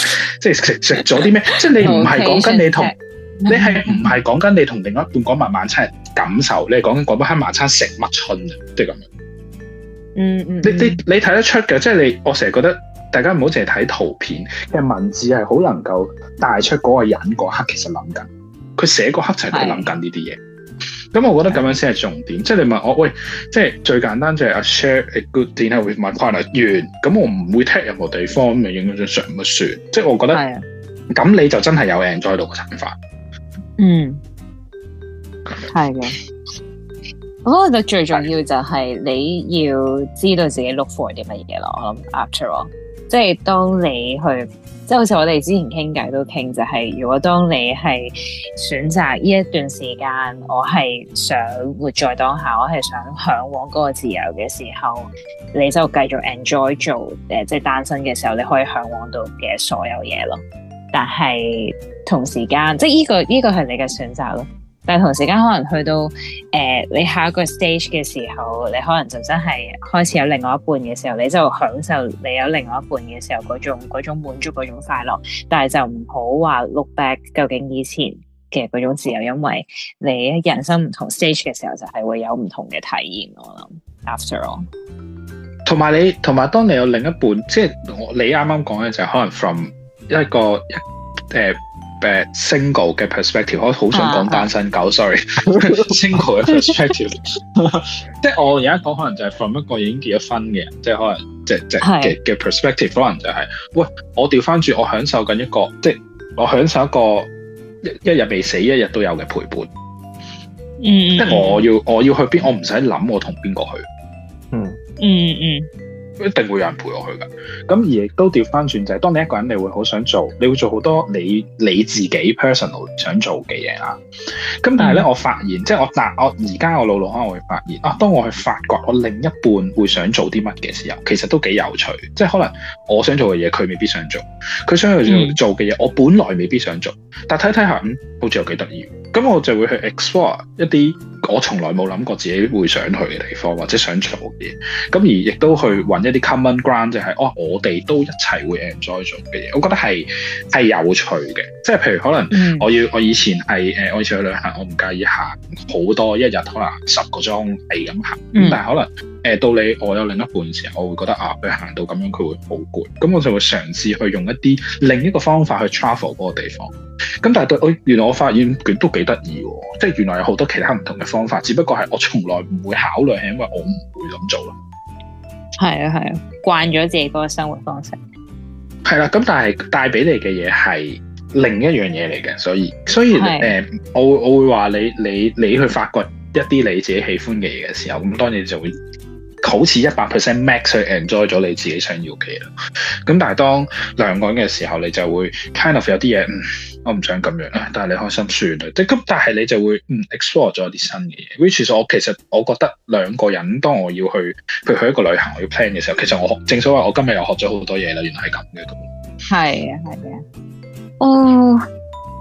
C: 即係食食咗啲咩？即係 <laughs> 你唔係講緊你同 <laughs> 你係唔係講緊你同另外一半嗰晚晚餐感受？你係講緊嗰晚晚餐食乜春啊？即係咁樣。嗯嗯，
B: 你你
C: 你睇得出嘅，即係你我成日覺得。大家唔好淨係睇圖片，嘅文字係好能夠帶出嗰個人嗰刻其實諗緊，佢寫嗰刻就係佢諗緊呢啲嘢。咁我覺得咁樣先係重點，即係你問我，喂，即係最簡單就係 share a good dinner with my partner 完，咁我唔會 take 任何地方咪影咗上乜書，即係我覺得啊，咁是的 你就真係有 enjoy 到個餐
B: 飯。嗯，係嘅。我覺得最重要是的 就係你要知道自己 look for 啲乜嘢咯。我諗 after all。即係當你去，即係好似我哋之前傾偈都傾，就係如果當你係選擇呢一段時間，我係想活在當下，我係想嚮往嗰個自由嘅時候，你就繼續 enjoy 做，誒即係單身嘅時候，你可以嚮往到嘅所有嘢咯。但係同時間，即係呢個呢個係你嘅選擇咯。但係同時間可能去到誒、呃、你下一個 stage 嘅時候，你可能就真係開始有另外一半嘅時候，你就享受你有另外一半嘅時候嗰種嗰種滿足嗰種快樂。但係就唔好話 look back，究竟以前嘅嗰種自由，因為你人生唔同 stage 嘅時候，就係會有唔同嘅體驗咯。我諗，After all，
C: 同埋你同埋當你有另一半，即係我你啱啱講嘅，就係可能 from 一個誒。Uh, 誒，single 嘅 perspective，我好想講單身狗，sorry，single 嘅 perspective，即係我而家講可能就係 from 一個已經結咗婚嘅，即係可能即係即係嘅嘅 perspective，可能就係、是，喂，我調翻轉，我享受緊一個，即係我享受一個一,一日未死一日都有嘅陪伴，嗯，
B: 即係我要
C: 我要去邊，我唔使諗我同邊個去，
B: 嗯嗯嗯。嗯嗯
C: 一定會有人陪我去㗎，咁而亦都調翻轉就係、是，當你一個人你會好想做，你會做好多你你自己 personal 想做嘅嘢。咁但係咧，嗯、我發現即係我，但我而家我老老可能會發現啊，當我去發掘我另一半會想做啲乜嘅時候，其實都幾有趣。即係可能我想做嘅嘢，佢未必想做；佢想去做嘅嘢，嗯、我本來未必想做。但睇睇下，嗯，好似又幾得意。咁我就會去 explore 一啲我從來冇諗過自己會想去嘅地方，或者想做嘅嘢。咁而亦都去搵一啲 common ground，就係哦，我哋都一齊會 enjoy 做嘅嘢。我覺得係係有趣嘅。即係譬如可能，我要、嗯、我以前係我以前去旅行，我唔介意行好多一日，可能十個鐘係咁行。嗯、但係可能。誒到你我有另一半嘅時候，我會覺得啊，佢行到咁樣，佢會好攰，咁我就會嘗試去用一啲另一個方法去 travel 嗰個地方。咁但係對，我，原來我發現佢都幾得意㗎，即係原來有好多其他唔同嘅方法，只不過係我從來唔會考慮，係因為我唔會
B: 咁做咯。係啊，係啊，慣咗自己嗰個生活方式係
C: 啦。咁但係帶俾你嘅嘢係另一樣嘢嚟嘅，所以所以誒的、呃，我我會話你你你去發掘一啲你自己喜歡嘅嘢嘅時候，咁當然就會。好似一百 percent max 去 enjoy 咗你自己想要嘅嘢。咁但係當兩個人嘅時候，你就會 kind of 有啲嘢、嗯，我唔想咁樣啊，但係你開心算啦，即係咁，但係你就會嗯 explore 咗啲新嘅嘢。Which 其實我其實我覺得兩個人，當我要去，譬如去一個旅行，我要 plan 嘅時候，其實我學正所謂我今日又學咗好多嘢啦，原來係咁嘅。係啊，
B: 係嘅、啊。哦，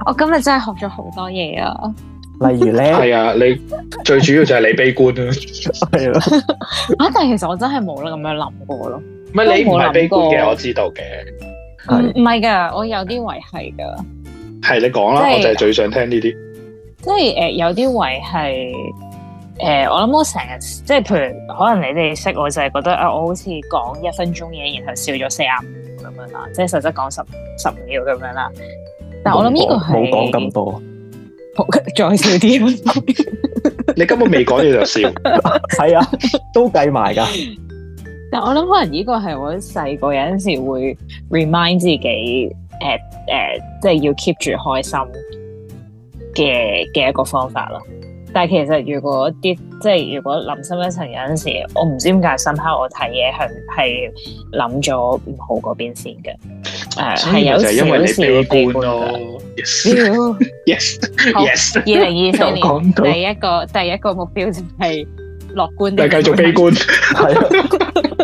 B: 我今日真係學咗好多嘢啊！
C: 例如咧，係啊，你最主要就係你悲觀啦，係咯，
B: 啊，但係其實我真係冇咧咁樣諗過咯。咩你唔係悲觀嘅，我
C: 知道嘅，
B: 唔係噶，我有啲位係噶。
C: 係你講啦，是我就係最想聽呢啲、呃
B: 呃。即係誒，有啲位係誒，我諗我成日即係，譬如可能你哋識我，就係、是、覺得啊、呃，我好似講一分鐘嘢，然後笑咗四啊五秒咁樣啦，即係實質講十十五秒咁樣啦。
A: 但係我諗呢個係冇講咁多。再笑啲，
B: <laughs> 你根本未講你就笑，係 <laughs> 啊，都計埋噶。但係我諗，可能呢個係我細個有陣時會 remind 自己，誒、呃、誒、呃，即係要 keep 住開心嘅嘅一個方法囉。但係其實如，如果啲即係如果諗深一層有時，有陣時我唔知點解深刻我。我睇嘢係係諗咗唔好嗰邊先嘅。係係、啊、有時就因為你悲觀咯、
C: 哦。Yes yes
B: yes。二零二四年第一個,我第,一個第一個目標就係樂觀啲。繼續悲觀係。的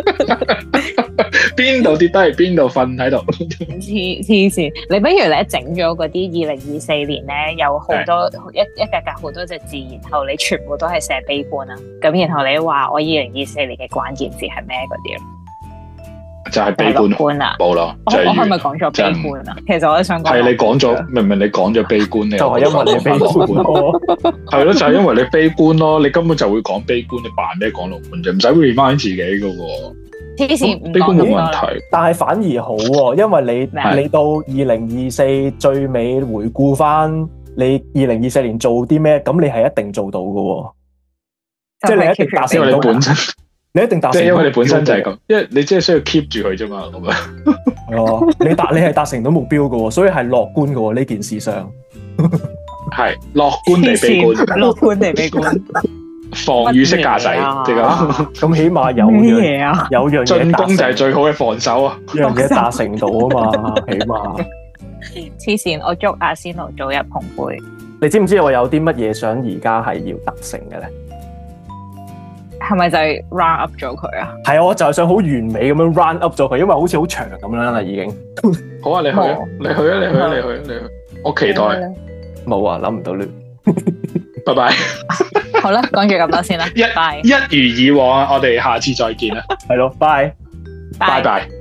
B: <laughs> <laughs> 邊
C: 度跌低邊度瞓喺度？
B: 黐黐線，你不如咧整咗嗰啲二零二四年咧，有好多一一格格好多隻字，然後你全部都係寫悲觀啊，咁然後你話我二零二四年嘅關鍵字係咩嗰啲？
C: 就係悲觀啊！冇啦，我係咪講咗悲觀啊？
B: 其實我都想講，係你講咗，
C: 明明你講咗悲觀，你又因為你悲
B: 觀，係咯，就係因為
C: 你悲觀咯，你根本就會講悲觀，你扮咩講樂觀啫？唔
A: 使 remind 自己噶喎。
B: 悲觀冇問題，
A: 但係反而好喎、哦，因為你的你到二零二四最尾回顧翻你二零二四年做啲咩，咁你係一定做到嘅
B: 喎、哦，即係你一定達成到你本身，
A: <laughs> 你一定達成， <laughs> 因為你本身就係咁，因為你即係需要 keep 住佢啫嘛，咁啊，係 <laughs> 你達你係達，達成到目標嘅喎，所以係樂觀嘅喎呢件事上，係樂觀嚟悲觀，樂觀
B: 地悲觀。 <laughs>
A: 防禦式駕駛，點啊？咁起碼有樣嘢啊，有樣嘢。進攻就係最好嘅防守啊，樣嘢達成到啊嘛，起碼。
B: 黐線，我祝阿仙奴早日捧
A: 盃。你知唔知我有啲乜嘢想而家係要達成嘅咧？
B: 係咪就係 run up 咗佢
A: 啊？係啊，我就係想好完美咁樣 run up 咗佢，因為好似好長咁啦，已經。好啊，你去，你去啊，你去，啊，你去，啊，你去。我期待。冇啊，諗唔到呢。拜拜。
B: <laughs> 好啦，講住咁多
A: 先啦，一，Bye 一如以往，我哋下
C: 次再見啦，係
A: 咯 bye 拜拜。Bye
B: Bye bye
C: bye